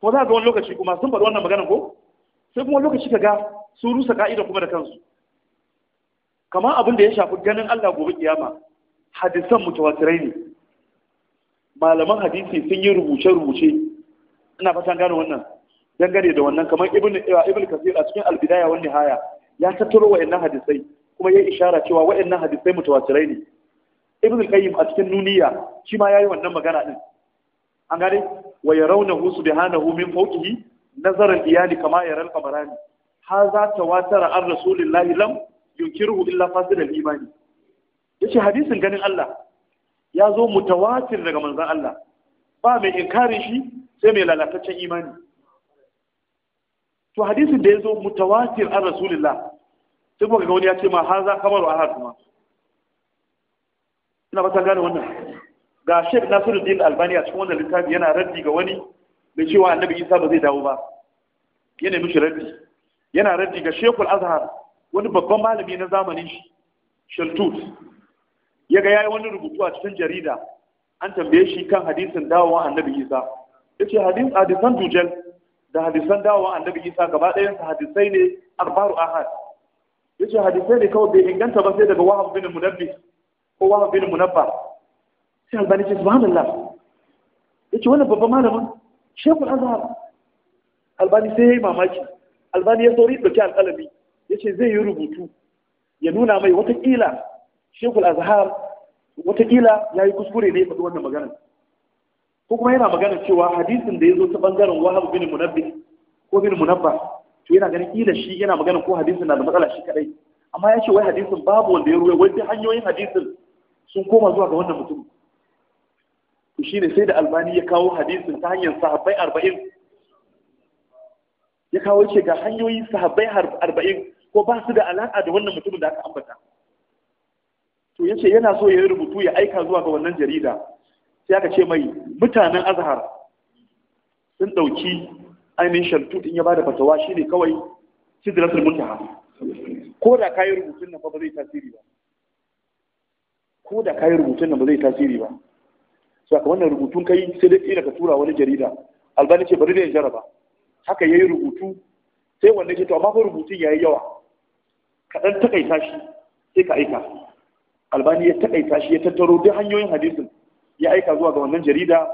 ko za ga wani lokaci kuma sun faɗi wannan magana ko sai kuma lokaci ka ga su rusa ka'ida kuma da kansu kamar abin da ya shafi ganin Allah gobe kiyama hadisan mutawatirai ne malaman hadisi sun yi rubuce-rubuce ina fatan gano wannan dangane da wannan kamar ibn eh, ibn kasir a cikin albidaya wa nihaya ya tattaro wayannan hadisai kuma ya ishara cewa wayannan hadisai mutawatirai ne ibn qayyim a cikin nuniya shi ma yayi wannan magana din an gane wa yarawnahu subhanahu min fawqihi nazar iyali kama yara al-qamarani hadha tawatara an rasulillahi lam yunkiruhu illa fasid al-imani yace hadisin ganin Allah ya zo mutawatir daga manzon Allah ba mai inkari shi sai mai lalataccen imani to hadisin da ya zo mutawatir an rasulillah sai kuma ga wani ya ce ma har za kamar wa ahad kuma ina ba ta gane wannan ga Sheikh Nasiruddin Albani a cikin wannan littafi yana raddi ga wani da cewa Annabi Isa ba zai dawo ba yana mishi raddi yana raddi ga Sheikhul Azhar wani babban malami na zamanin shi Shaltut ya ga yayi wani rubutu a cikin jarida an tambaye shi kan hadisin dawowa Annabi Isa yace hadisi hadisan dujal da hadisan dawowa annabi isa gaba ɗayan sa hadisai ne arbaru ahad yace hadisai ne kawai bai inganta ba sai daga wahab bin munabbi ko wahab bin munabba sai albani ce subhanallah yace wannan babban malamin shekul azhar albani sai yayi mamaki albani ya sauri dauki alƙalami yace zai yi rubutu ya nuna mai watakila shekul azhar watakila yayi kuskure ne ya faɗi wannan maganar ko kuma yana magana cewa hadisin da ya zo ta bangaren wahab bin munabbi ko bin munabba to yana ganin kila shi yana magana ko hadisin na da matsala shi kadai amma ya ce wai hadisin babu wanda ya ruwa wai duk hanyoyin hadisin sun koma zuwa ga wannan mutum to shine sai da albani ya kawo hadisin ta hanyar sahabbai arba'in ya kawo ce ga hanyoyin sahabbai arba'in ko ba su da alaƙa da wannan mutumin da aka ambata to yace yana so ya yi rubutu ya aika zuwa ga wannan jarida sai aka ce mai mutanen azhar sun ɗauki ainihin shantu din ya bada fatawa shine kawai sidratul muntaha ko da kayi rubutun nan ba zai tasiri ba ko da kayi rubutun nan ba zai tasiri ba saka wannan rubutun kai sai dai kila ka tura wani jarida albani ce bari da jaraba haka yayi rubutu sai wanda ke to amma ko rubutun yayi yawa kaɗan takaita shi sai ka aika albani ya takaita shi ya tattaro duk hanyoyin hadisin ya aika zuwa ga wannan jarida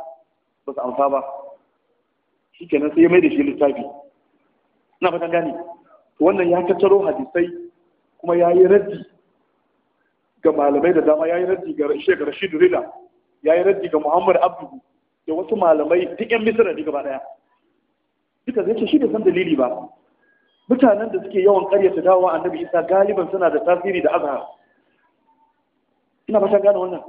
ba su amsa ba shi nan sai ya mai da shi littafi ina fatan gane wannan ya tattaro hadisai kuma ya yi raddi ga malamai da dama ya yi raddi ga Sheikh Rashid Rila ya yi raddi ga Muhammad Abdu da wasu malamai duk yan misira ne gaba daya duka zai ce shi da san dalili ba mutanen da suke yawan karyata dawowa annabi Isa galiban suna da tasiri da azhar ina fatan gane wannan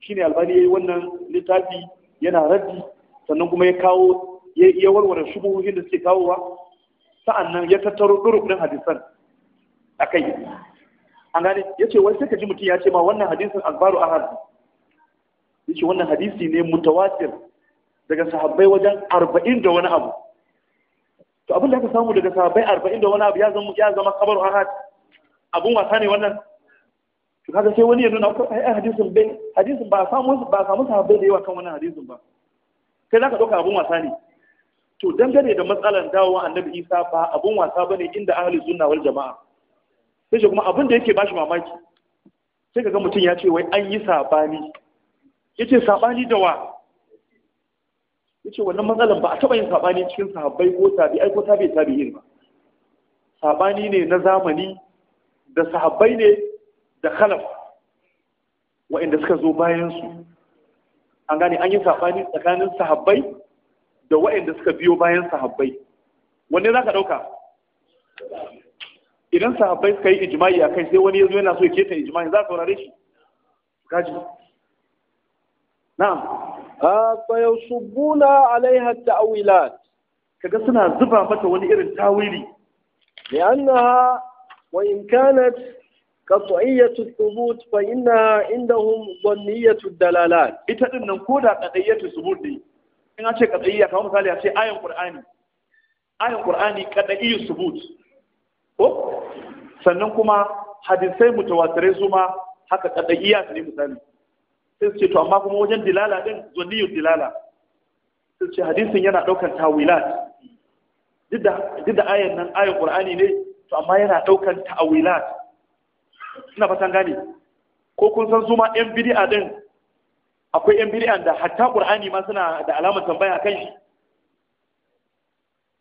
shine albani yi wannan littafi yana raddi sannan kuma ya kawo ya warware shubuhohin da suke kawowa sa'annan ya tattaro duruk din hadisan kai. an gane yace wai sai ka ji mutum ya ce ma wannan hadisin akbaru Ya ce wannan hadisi ne mutawatir daga sahabbai wajen arba'in da wani abu to abin da aka samu daga sahabbai arba'in da wani abu ya zama kabar a kabaru abun wasa ne wannan to kaga sai wani ya nuna ko ai hadisin bai hadisin ba samu ba samu sahabbai da yawa kan wannan hadisin ba kai zaka dauka abun wasa ne to dangane da matsalar dawowa annabi Isa ba abun wasa bane inda ahli sunna wal jama'a sai kuma abin da yake bashi mamaki sai kaga mutum ya ce wai an yi sabani yace sabani da wa yace wannan matsalar ba a taba yin sabani cikin sahabbai ko tabi'ai ko tabi'i tabi'in ba sabani ne na zamani da sahabbai ne da khalaf wa'inda suka zo bayansu an gane an yi saɓani tsakanin sahabbai da wa'inda suka biyo bayan sahabbai wanne za ka ɗauka idan sahabbai suka yi ijma'i a kai sai wani ya zo yana so ya keta ijma'i za ka saurare shi gaji na'am fa yasubbuna alaiha ta'wilat kaga suna zuba mata wani irin tawili annaha wa in kanat qat'iyatu thubut fa inna indahum dhanniyatu dalalat ita din nan ko da qat'iyatu thubut ne in an ce qat'iyya kamar misali a ce ayan qur'ani ayan qur'ani qat'iyyu thubut ko sannan kuma hadisai mutawatirai su ma haka qat'iyya ne misali sai su ce to amma kuma wajen dilala din dhanniyyu dilala sai su ce hadisin yana daukar tawilat duk da ayan nan ayan qur'ani ne to amma yana daukan ta'awilat ina fatan gane ko kun san zuma ma yan bid'a din akwai yan bid'a da hatta qur'ani ma suna da alamar tambaya kan shi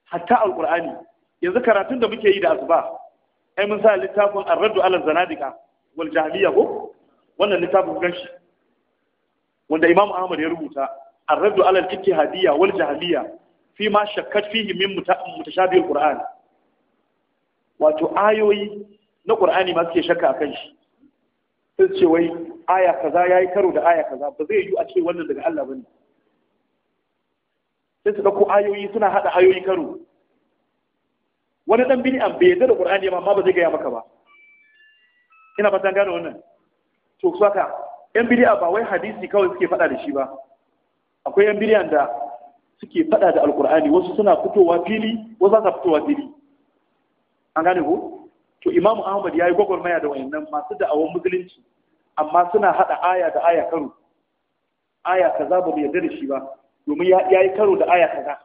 hatta alqur'ani yanzu karatun da muke yi da asuba ai mun sa littafin ar-raddu ala zanadika wal jahiliya ko wannan littafin gan shi wanda imam ahmad ya rubuta ar-raddu ala al-ittihadiyya wal jahiliya fi ma shakkat fihi min mutashabihil qur'an wato ayoyi na ƙur'ani ma suke shakka kan shi sun ce wai aya kaza ya yi karo da aya kaza ba zai yi a ce wannan daga Allah bane sai su dauko ayoyi suna hada ayoyi karo wani dan bid'a bai yarda da qur'ani amma ba zai ga ya maka ba ina fatan gane wannan to su haka yan bid'a ba wai hadisi kawai suke faɗa da shi ba akwai yan bid'a da suke faɗa da alkur'ani wasu suna fitowa fili wasu za fitowa fili an gane ko to imamu ahmad ya yi gwagwarmaya da wayannan masu da'awar musulunci amma suna haɗa aya da aya karo aya kaza ba mu yarda da shi ba domin ya yi karo da aya kaza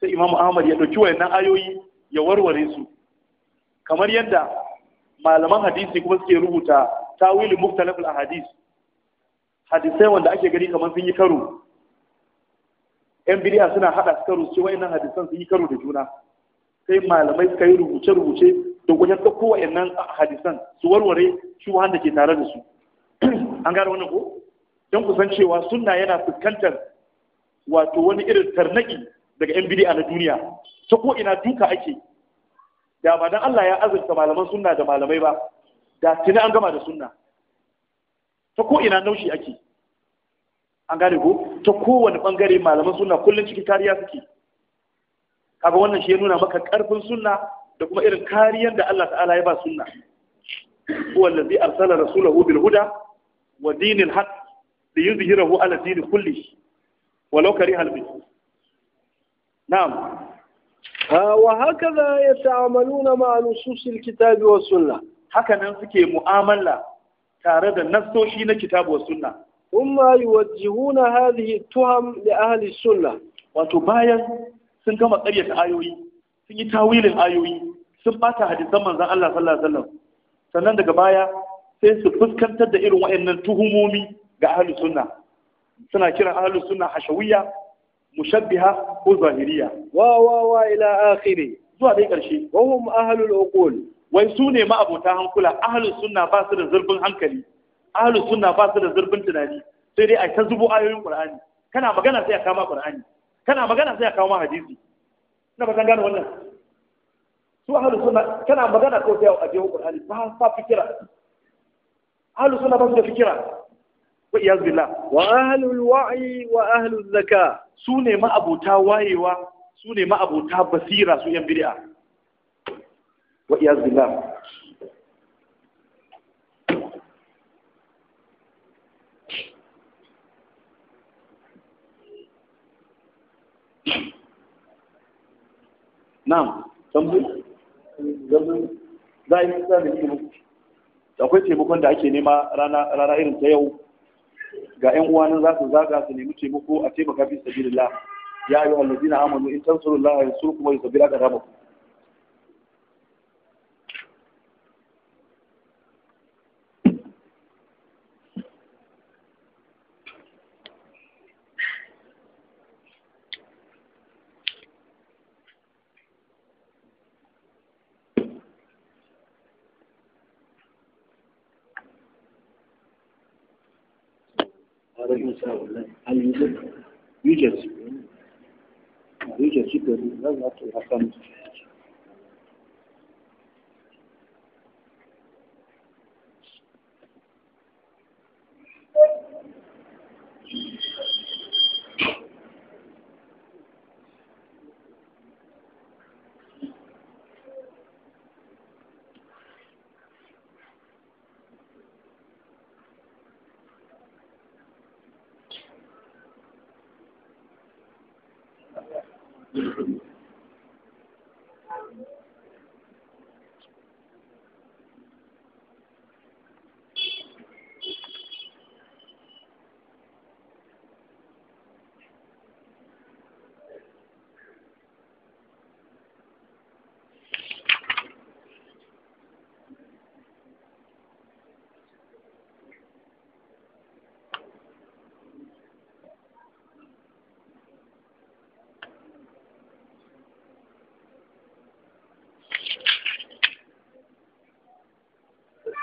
sai imamu ahmad ya ɗauki wayannan ayoyi ya warware su kamar yadda malaman hadisi kuma suke rubuta tawilin a ahadis hadisai wanda ake gani kamar sun yi karo yan biriya suna haɗa su karo su ce wayannan hadisan sun yi karo da juna sai malamai suka yi rubuce-rubuce da wajen ɗauko wa'annan hadisan su warware shubuhan wanda ke tare da su an gane wannan ko don kusan cewa sunna yana fuskantar wato wani irin tarnaki daga yan a na duniya ta ko ina duka ake da ba dan Allah ya azurta malaman sunna da malamai ba da tuni an gama da sunna ta ko ina naushi ake an gane ko ta kowane bangare malaman sunna kullum cikin kariya suke kaga wannan shi ya nuna maka karfin sunna da kuma irin kariyar da Allah ta'ala ya ba sunna huwa allazi arsala rasulahu bil huda wa dinil haqq liyuzhirahu ala din kulli walau kariha al na'am وهكذا يتعاملون مع نصوص الكتاب والسنة هكذا سكي معاملة تارد نفسوشي الكتاب والسنة ثم يوجهون هذه التهم لأهل Wato bayan. sun gama ƙaryata ayoyi sun yi tawilin ayoyi sun bata hadisan manzon Allah sallallahu alaihi wasallam sannan daga baya sai su fuskantar da irin waɗannan tuhumomi ga ahlus sunna suna kiran ahlus sunna hashawiyya mushabbiha ko zahiriya wa wa wa ila akhiri zuwa dai karshe wa hum ahlul uqul wai su ne ma'abota hankula ahlus sunna ba su da zurbin hankali ahlus sunna ba su da zurbin tunani sai dai a ta zubo ayoyin qur'ani kana magana sai a kama qur'ani kana magana sai a kawo ma hadisi na ba san gane wannan su ahlu sunna kana magana ko sai a jiwo qur'ani ba fa fikira ahlu sunna ba su da fikira wa iyaz billah wa ahlu alwa'i wa ahlu zaka su ne ma abota wayewa su ne ma abota basira su yan bid'a wa iyaz billah na'am tambu za a yi nisa da ke akwai taimakon da ake nema rana irin ta yau ga 'yan uwa nan za su zaga su nemi taimako a taimaka fi sabilillah ya ayyuhal ladina amanu in tansurullaha yansurkum wa yuthabbit aqdamakum 在我那。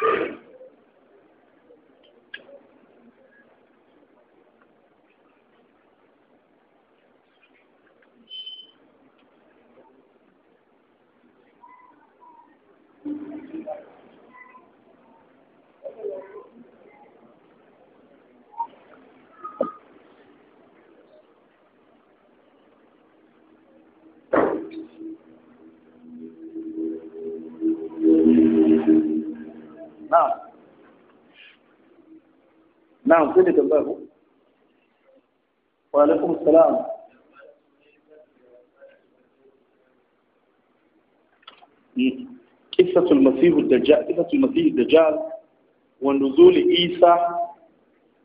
Thank you. نعم كل جنبه وعليكم السلام قصة المسيح الدجال قصة المسيح الدجال ونزول عيسى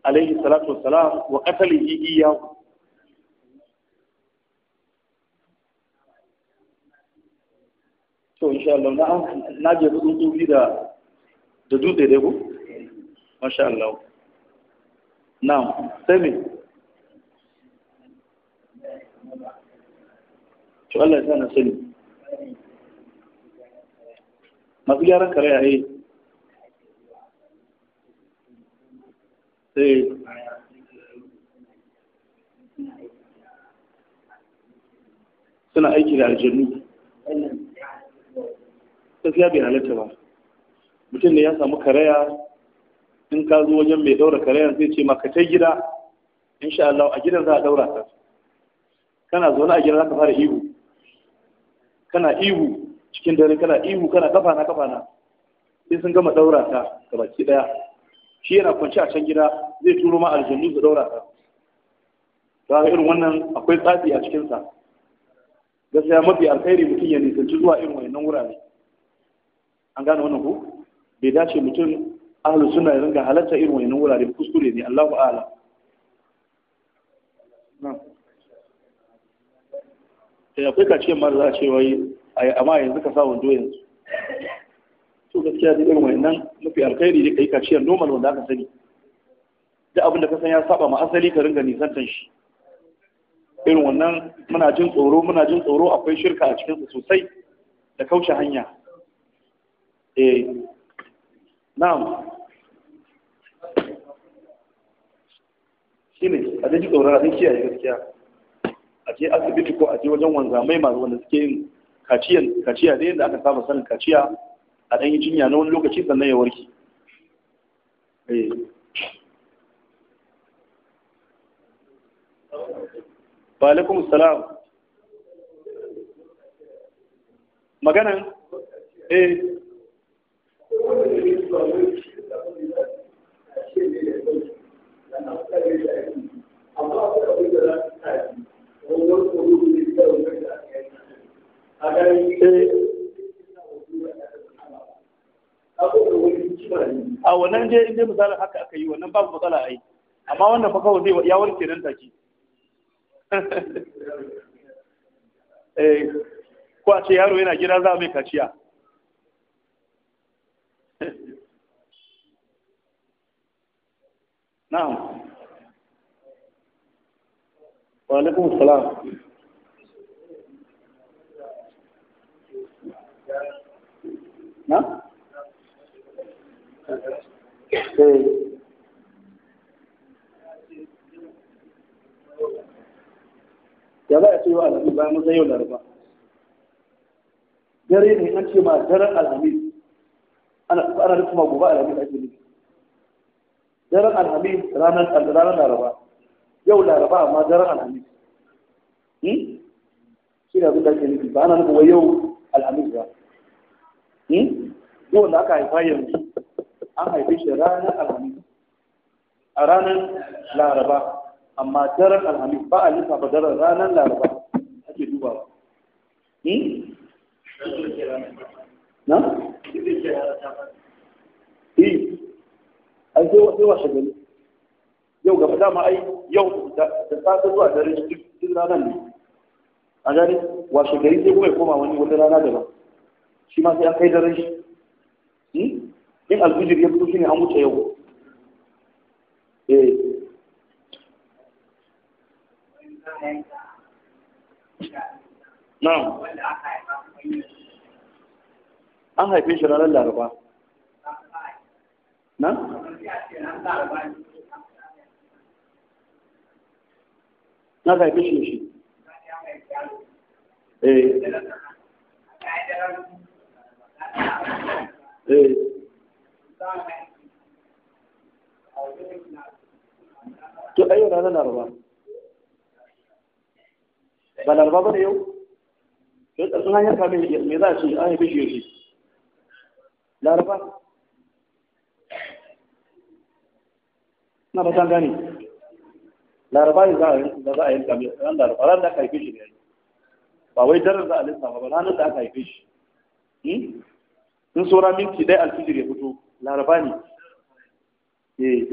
عليه الصلاة والسلام وقتله إياه إن شاء الله نعم نجد ندود إذا ندود إذا ما شاء الله na'am sai me to Allah ya sana sani masu gyaran kare a yi sai suna aiki da aljannu gaskiya bai halatta ba mutum ne ya samu karaya in ka zo wajen mai daura karayan zai ce maka ta gida insha Allah a gidan za a daura ka. kana zaune a gidan za ka fara ihu kana ihu cikin dare kana ihu kana kafa na kafa na sai sun gama daura ta gabaki daya shi yana kwanci a can gida zai turo ma aljannu su daura ka. ta ga irin wannan akwai tsafi a cikinsa gaskiya mafi alkhairi mutum ya nisanci zuwa irin wannan wurare an gane wannan ku bai dace mutum ahlu suna ya ringa halatta irin wani wurare kuskure ne Allahu a'lam eh akwai ka ce mara za a ce wai amma yanzu ka sa wando yanzu to gaskiya da irin wannan mafi alkhairi ne kai kaciyar normal wanda aka sani da abin da ka san ya saba ma asali ka ringa nisantan shi irin wannan muna jin tsoro muna jin tsoro akwai shirka a cikinsa sosai da kaushe hanya eh na'am shi ne a ji tsoron abin kiyaye gaskiya a je asibiti ko a je wajen wanzamai masu wanda suke yin kaciya da yadda aka saba sanin kaciya a ɗan yi jinya na wani lokaci sannan ya warke eh. wa alaikum salam maganan eh a wannan dai misalin haka aka yi wannan babu matsala a yi amma wannan fa kawai zai ya warke nan take eh ko a ce yaro yana gida za a mai kaciya نعم وعليكم السلام نعم ايه da za a ce wa alhamis bayan mun san yau laraba dare ne an ce ma daren alhamis ana ana nufin ma gobe alhamis ake nufi daren alhamis ranar ranar laraba yau laraba amma daren alhamis hmm? shi ne abin da ake nufi ba ana nufin wai yau alhamis ba hmm? yau da aka haifa yanzu an haife shi ranar alhamis a ranar laraba amma daren alhamis ba a ba daren ranar laraba ake dubawa hmm? na? ai sai wasu washe gari yau gaba dama ai yau da safe zuwa dare cikin ranar ne a gani washe gari sai kuma ya koma wani wata rana daban shi ma sai an kai dare shi hmm? in alfijir ya fito ne an wuce yau eh. na'am an haife shi ranar laraba na? na haifi shi shi eh, eh. ba laraba ba da yau sai ƙarfin hanyar me za a ce an laraba na ba san gane laraba ne za a yanka za a yanka mai ran laraba ran da aka haife shi ne ba wai daren za a lissafa ba ranar da aka haife shi hmm? in saura minti dai alfijir ya fito laraba ne eh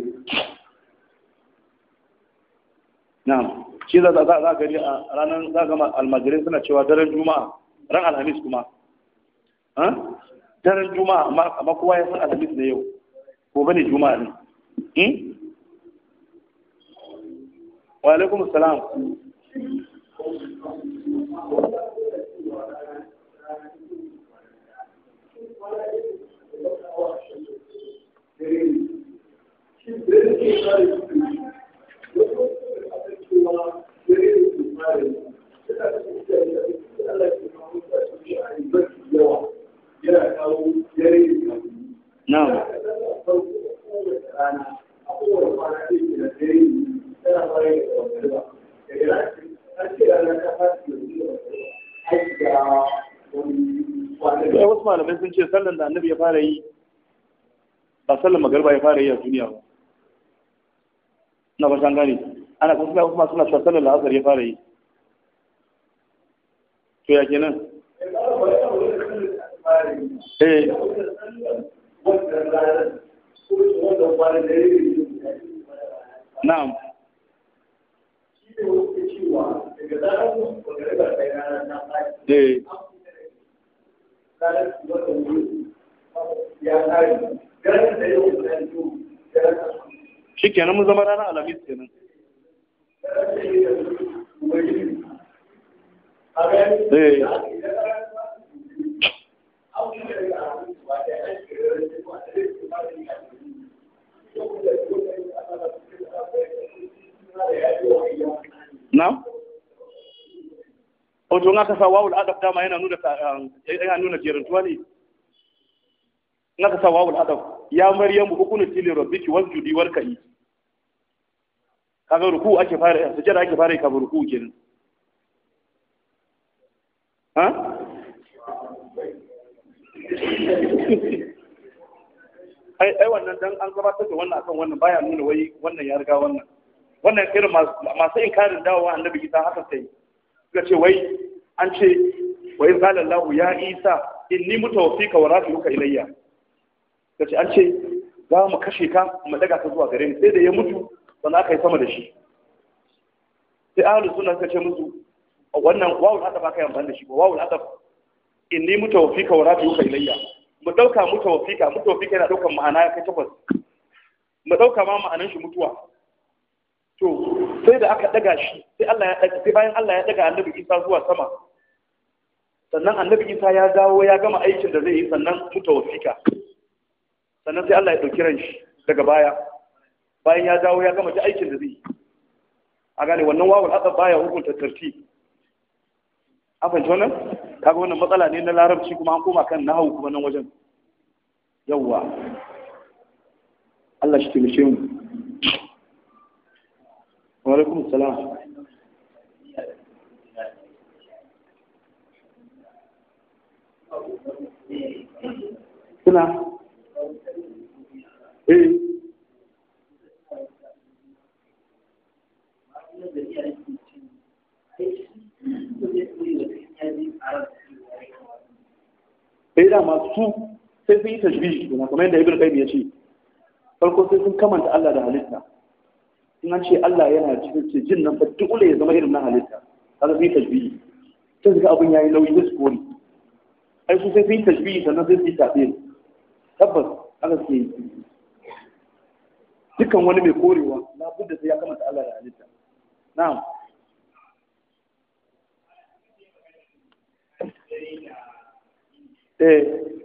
na'am shi za za gari a ranar za gama almajirai suna cewa daren juma'a ran alhamis kuma daren juma'a amma kowa ya san alhamis na yau gobe ne juma'a ne hmm? wa alaikum Thank you. malamai sun ce sallan da annabi ya fara yi ba sallan magarba ya fara yi a duniya ba na ba san gane ana kuma suna kuma suna sallan la'asar ya fara yi to ya kenan eh na'am shi eh. ne cewa daga zarar magarba sai rana ta fara ranar shi kenan mun zama ranar alamis kenan eh. Now? wato in aka sa wawul adab dama yana nuna eh, yana nuna jerantuwa ne in aka sa wawul adab ya maryamu ukunu tilir rabbiki wasjudi warka'i kaga ruku ake fara sujada ake fara kaga ruku kin ha ai ai wannan dan an gabatar da wannan akan wannan baya nuna wai wannan ya riga wannan wannan irin masu inkarin dawowa annabi isa haka sai suka ce wai an ce wai qala Allah ya Isa in inni mutawaffika wa rafi'uka ilayya suka ce an ce za mu kashe ka mu daga ka zuwa gare ni sai da ya mutu sannan ka yi sama da shi sai ahlu sunna suka ce musu wannan wawul hada aka yi amfani da shi ba wawul adab inni mutawaffika wa rafi'uka ilayya mu dauka mutawaffika ka yana daukan ma'ana ya kai takwas mu dauka ma ma'anan shi mutuwa to sai da aka daga shi sai Allah ya daga sai bayan Allah ya daga annabi Isa zuwa sama sannan annabi Isa ya dawo ya gama aikin da zai yi sannan mutawaffika sannan sai Allah ya dauki ran shi daga baya bayan ya dawo ya gama ta aikin da zai yi a gane wannan wawul hada baya hukunta tarti a fahimci wannan kaga wannan matsala ne na larabci kuma an koma kan nahawu kuma nan wajen yawwa Allah shi taimake mu وعليكم السلام سلام ايه إذا إيه ما تسو سيفي تجبيش هنا كمان ده يبقى الفيديو يشي فالكو سيفي كمان تألّى ده لسنا in an ce Allah yana cikin jin nan fa dole ya zama irin na halitta kaga sai tajbiyi sai ga abin yayi nauyi da skori ai su sai fi tajbiyi sannan sai fi tafiye tabbas aka ce dukkan wani mai korewa na budda sai ya kamata Allah ya halitta na'am eh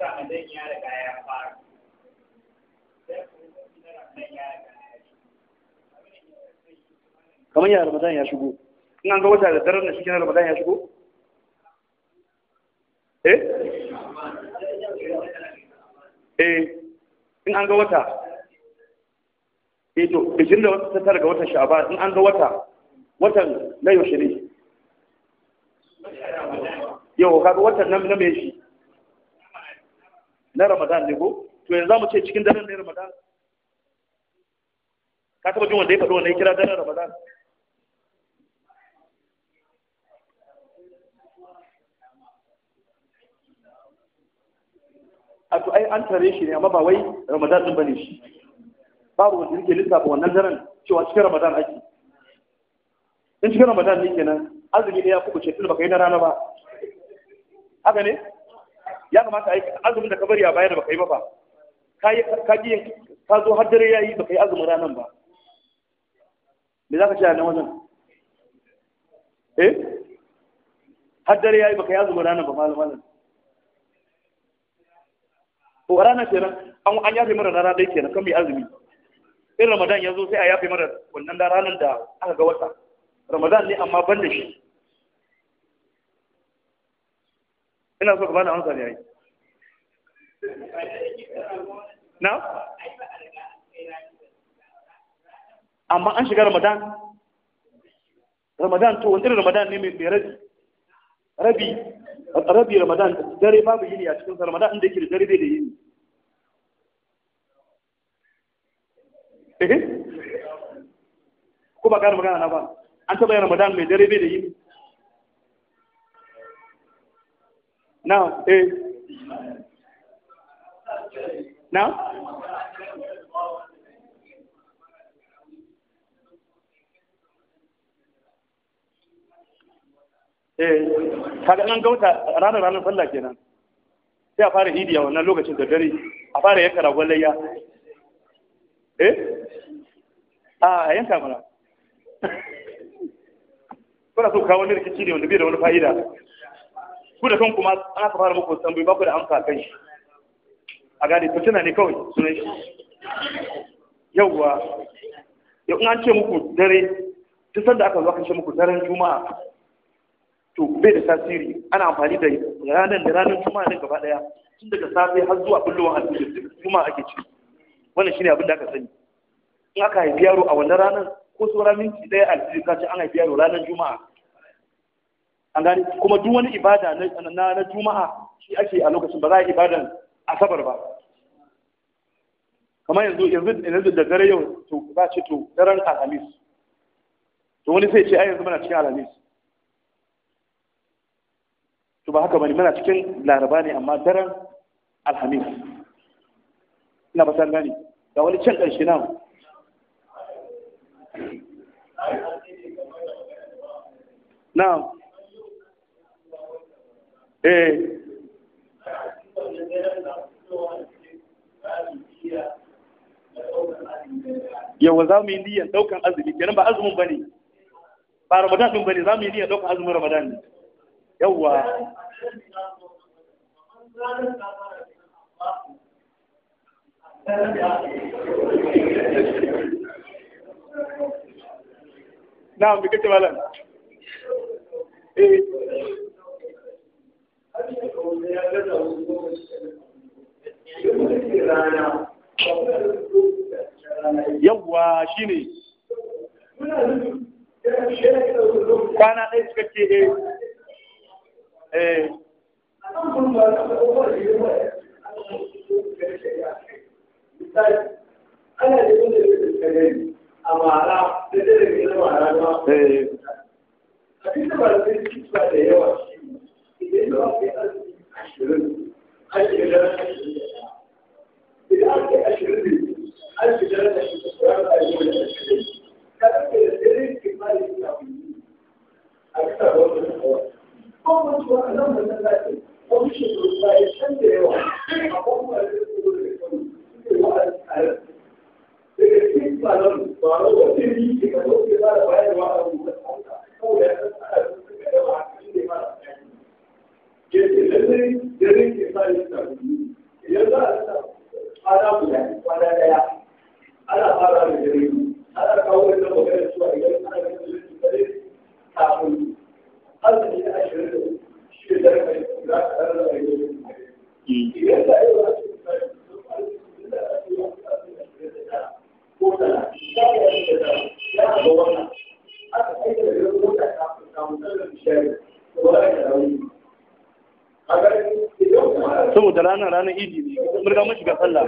ramadan ya riga ya fara kamar ya ramadan ya shigo in an ga wata da daren na shi na ramadan ya shigo eh eh in an ga wata eh to 29 ga watan sha'ban in an ga wata watan na yaushe ne yau ga watan nan na me shi na ramadan ne ko to yanzu za mu ce cikin daren ne ramadan ka taba jin wanda ya faɗo wanda ya kira daren ramadan a to ai an tare shi ne amma ba wai ramadan din bane shi babu wanda yake lissafa wannan daren cewa cikin ramadan ake in cikin ramadan ne kenan azumi ne ya kuɓuce tun baka yi na rana ba haka ne ya kamata ai azumin da ka bari a baya da baka yi ba fa ka yi ka ji ka zo har dare yayi baka yi azumin ranan ba me zaka ce a nan wajen eh har dare yayi baka yi azumin ranan ba malam Ko to ranar kenan an an yafe mara rana dai kenan kan mai azumi in ramadan ya zo sai a yafe mara wannan da ranar da aka ga wata ramadan ne amma ban da shi ina so ka bani amsa ne ai na amma an shiga ramadan ramadan to wani ramadan ne mai rabi rabi rabi ramadan dare babu yini a cikin ramadan inda yake da dare bai da yini eh ko ba ka magana na ba an taɓa yin ramadan mai dare bai da yini na eh na eh kaga nan gauta ranar ranar sallah kenan sai a fara idi a wannan lokacin da dare a fara yanka ragon layya eh a yanka mana kuna so kawo wani rikici ne wanda bai da wani fa'ida ku da kanku ma an aka fara muku tambayi ba ku da amsa kai a gane fitina ne kawai sunan shi yawwa yau an ce muku dare duk sanda aka zo aka ce muku daren juma'a to bai da tasiri ana amfani da ranar da ranar juma'a ne gaba daya tun daga safe har zuwa bullowar alfijir juma'a ake ci wannan shine abin da aka sani in aka haifi yaro a wannan ranar ko saura minti daya alfijir ka ce an haifi yaro ranar juma'a an gani kuma duk wani ibada na na juma'a shi ake a lokacin ba za a ibadan asabar ba kamar yanzu yanzu yanzu da dare yau to za ce to daren alhamis to wani sai ce ai yanzu muna cikin alhamis to ba haka bane muna cikin laraba ne amma daren alhamis ina ba san gani ga wani can ƙarshe nan na'am Eh. yawon za mu yi niyyar daukan azumi kenan ba azumin ne ba ramadan ba ne za mu yi niyyar daukan azumin ramadan ne yawwa. na mu kace malam eh yawwa shi ne kwana ɗaya suka ke eh ana a yawa ashirin bi idan ake ashirin ashirin ashirin ranar idi ne mun ga mun shiga sallah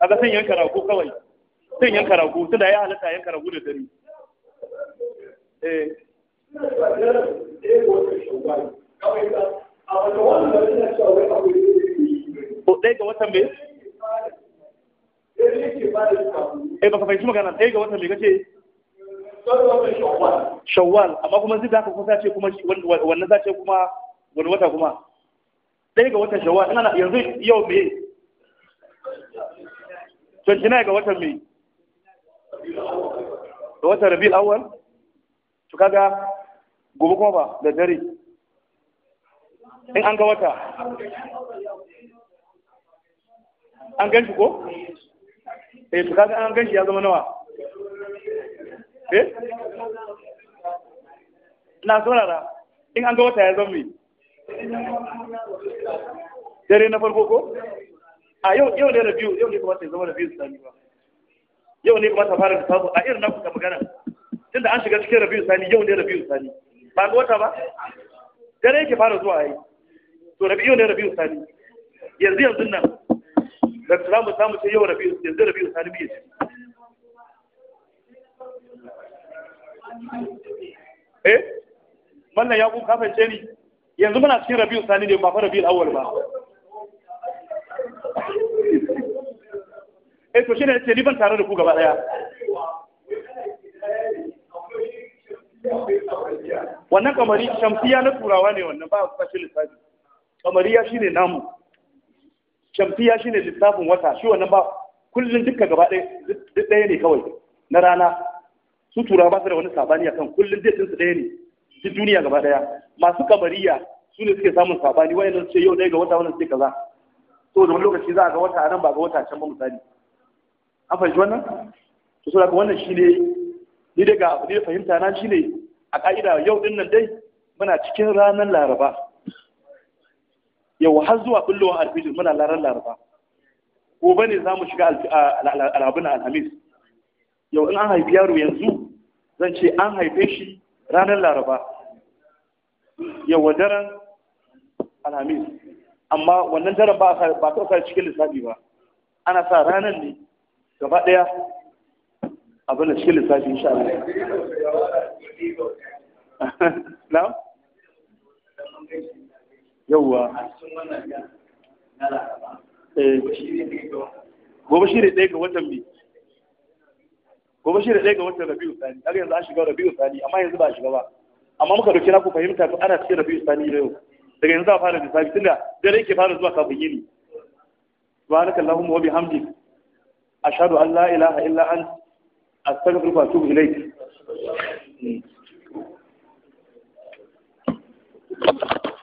kaga sai yanka rago kawai sai yanka rago tunda ya halatta yanka rago da dare eh ko dai ga watan bai? Eh baka fahimci magana Dai ga watan bai kace shawwal amma kuma zai da aka kusa ce kuma wannan zace kuma wani wata kuma ɗaya ga watan shawwal ina yanzu yau me 29 ga watan me ga watan rabi awal to kaga gobe kuma ba da dare in an ga wata an gan shi ko eh to kaga an gan ya zama nawa eh na rara. in an ga wata ya zama me dare na farko ko a yau yau ne rabiu yau ne kuma sai zama rabiu sani ba yau ne kuma ta fara da sabu a irin na kuka magana tunda an shiga cikin rabiu sani yau ne rabiu sani ba ga wata ba dare yake fara zuwa yayi to rabiu ne rabiu sani yanzu yanzu nan da za mu samu sai yau rabiu yanzu rabiu sani biye eh wannan ya kun kafance ni yanzu muna cikin rabiul sani ne ba fa rabiul awwal ba E, to shi ne ni ban tare da ku gaba daya wannan kamari shamfiya na turawa ne wannan ba a kashe lissafi shi ne namu shi ne lissafin wata shi wannan ba Kullum duka gaba daya ne kawai na rana su turawa ba su da wani sabani akan kan kullum sun su daya ne cikin duniya gaba daya masu kamariya su ne suke samun sabani wayannan sai yau dai ga wata wannan sai kaza to da wani lokaci za a ga wata a nan ba ga wata can ba misali an fahimci wannan to ga wannan shine ni daga ni fahimta na shine a ka'ida yau din nan dai muna cikin ranar laraba yau har zuwa kullum alfijir muna laran laraba gobe ne za mu shiga al'abin alhamis yau in an haifi yaro yanzu zan ce an haife shi ranar laraba yawa daren alhamis amma wannan daren ba a kawai cikin lissafi ba ana sa ranar ne gaba ɗaya abin da cikin lissafi insha Allah yawa eh, gobe shi ne ɗaya ga watan biyu gobe shi da ɗaya ga watan rabi'u sani har yanzu an shiga rabi'u sani amma yanzu ba a shiga ba amma muka dauki ku fahimta to ana cikin rabi'u sani yau daga yanzu za a fara lissafi tunda dare yake fara zuwa kafin yini subhanaka allahumma wa bihamdik ashhadu an la ilaha illa ant astaghfiruka wa atubu ilayk Thank you.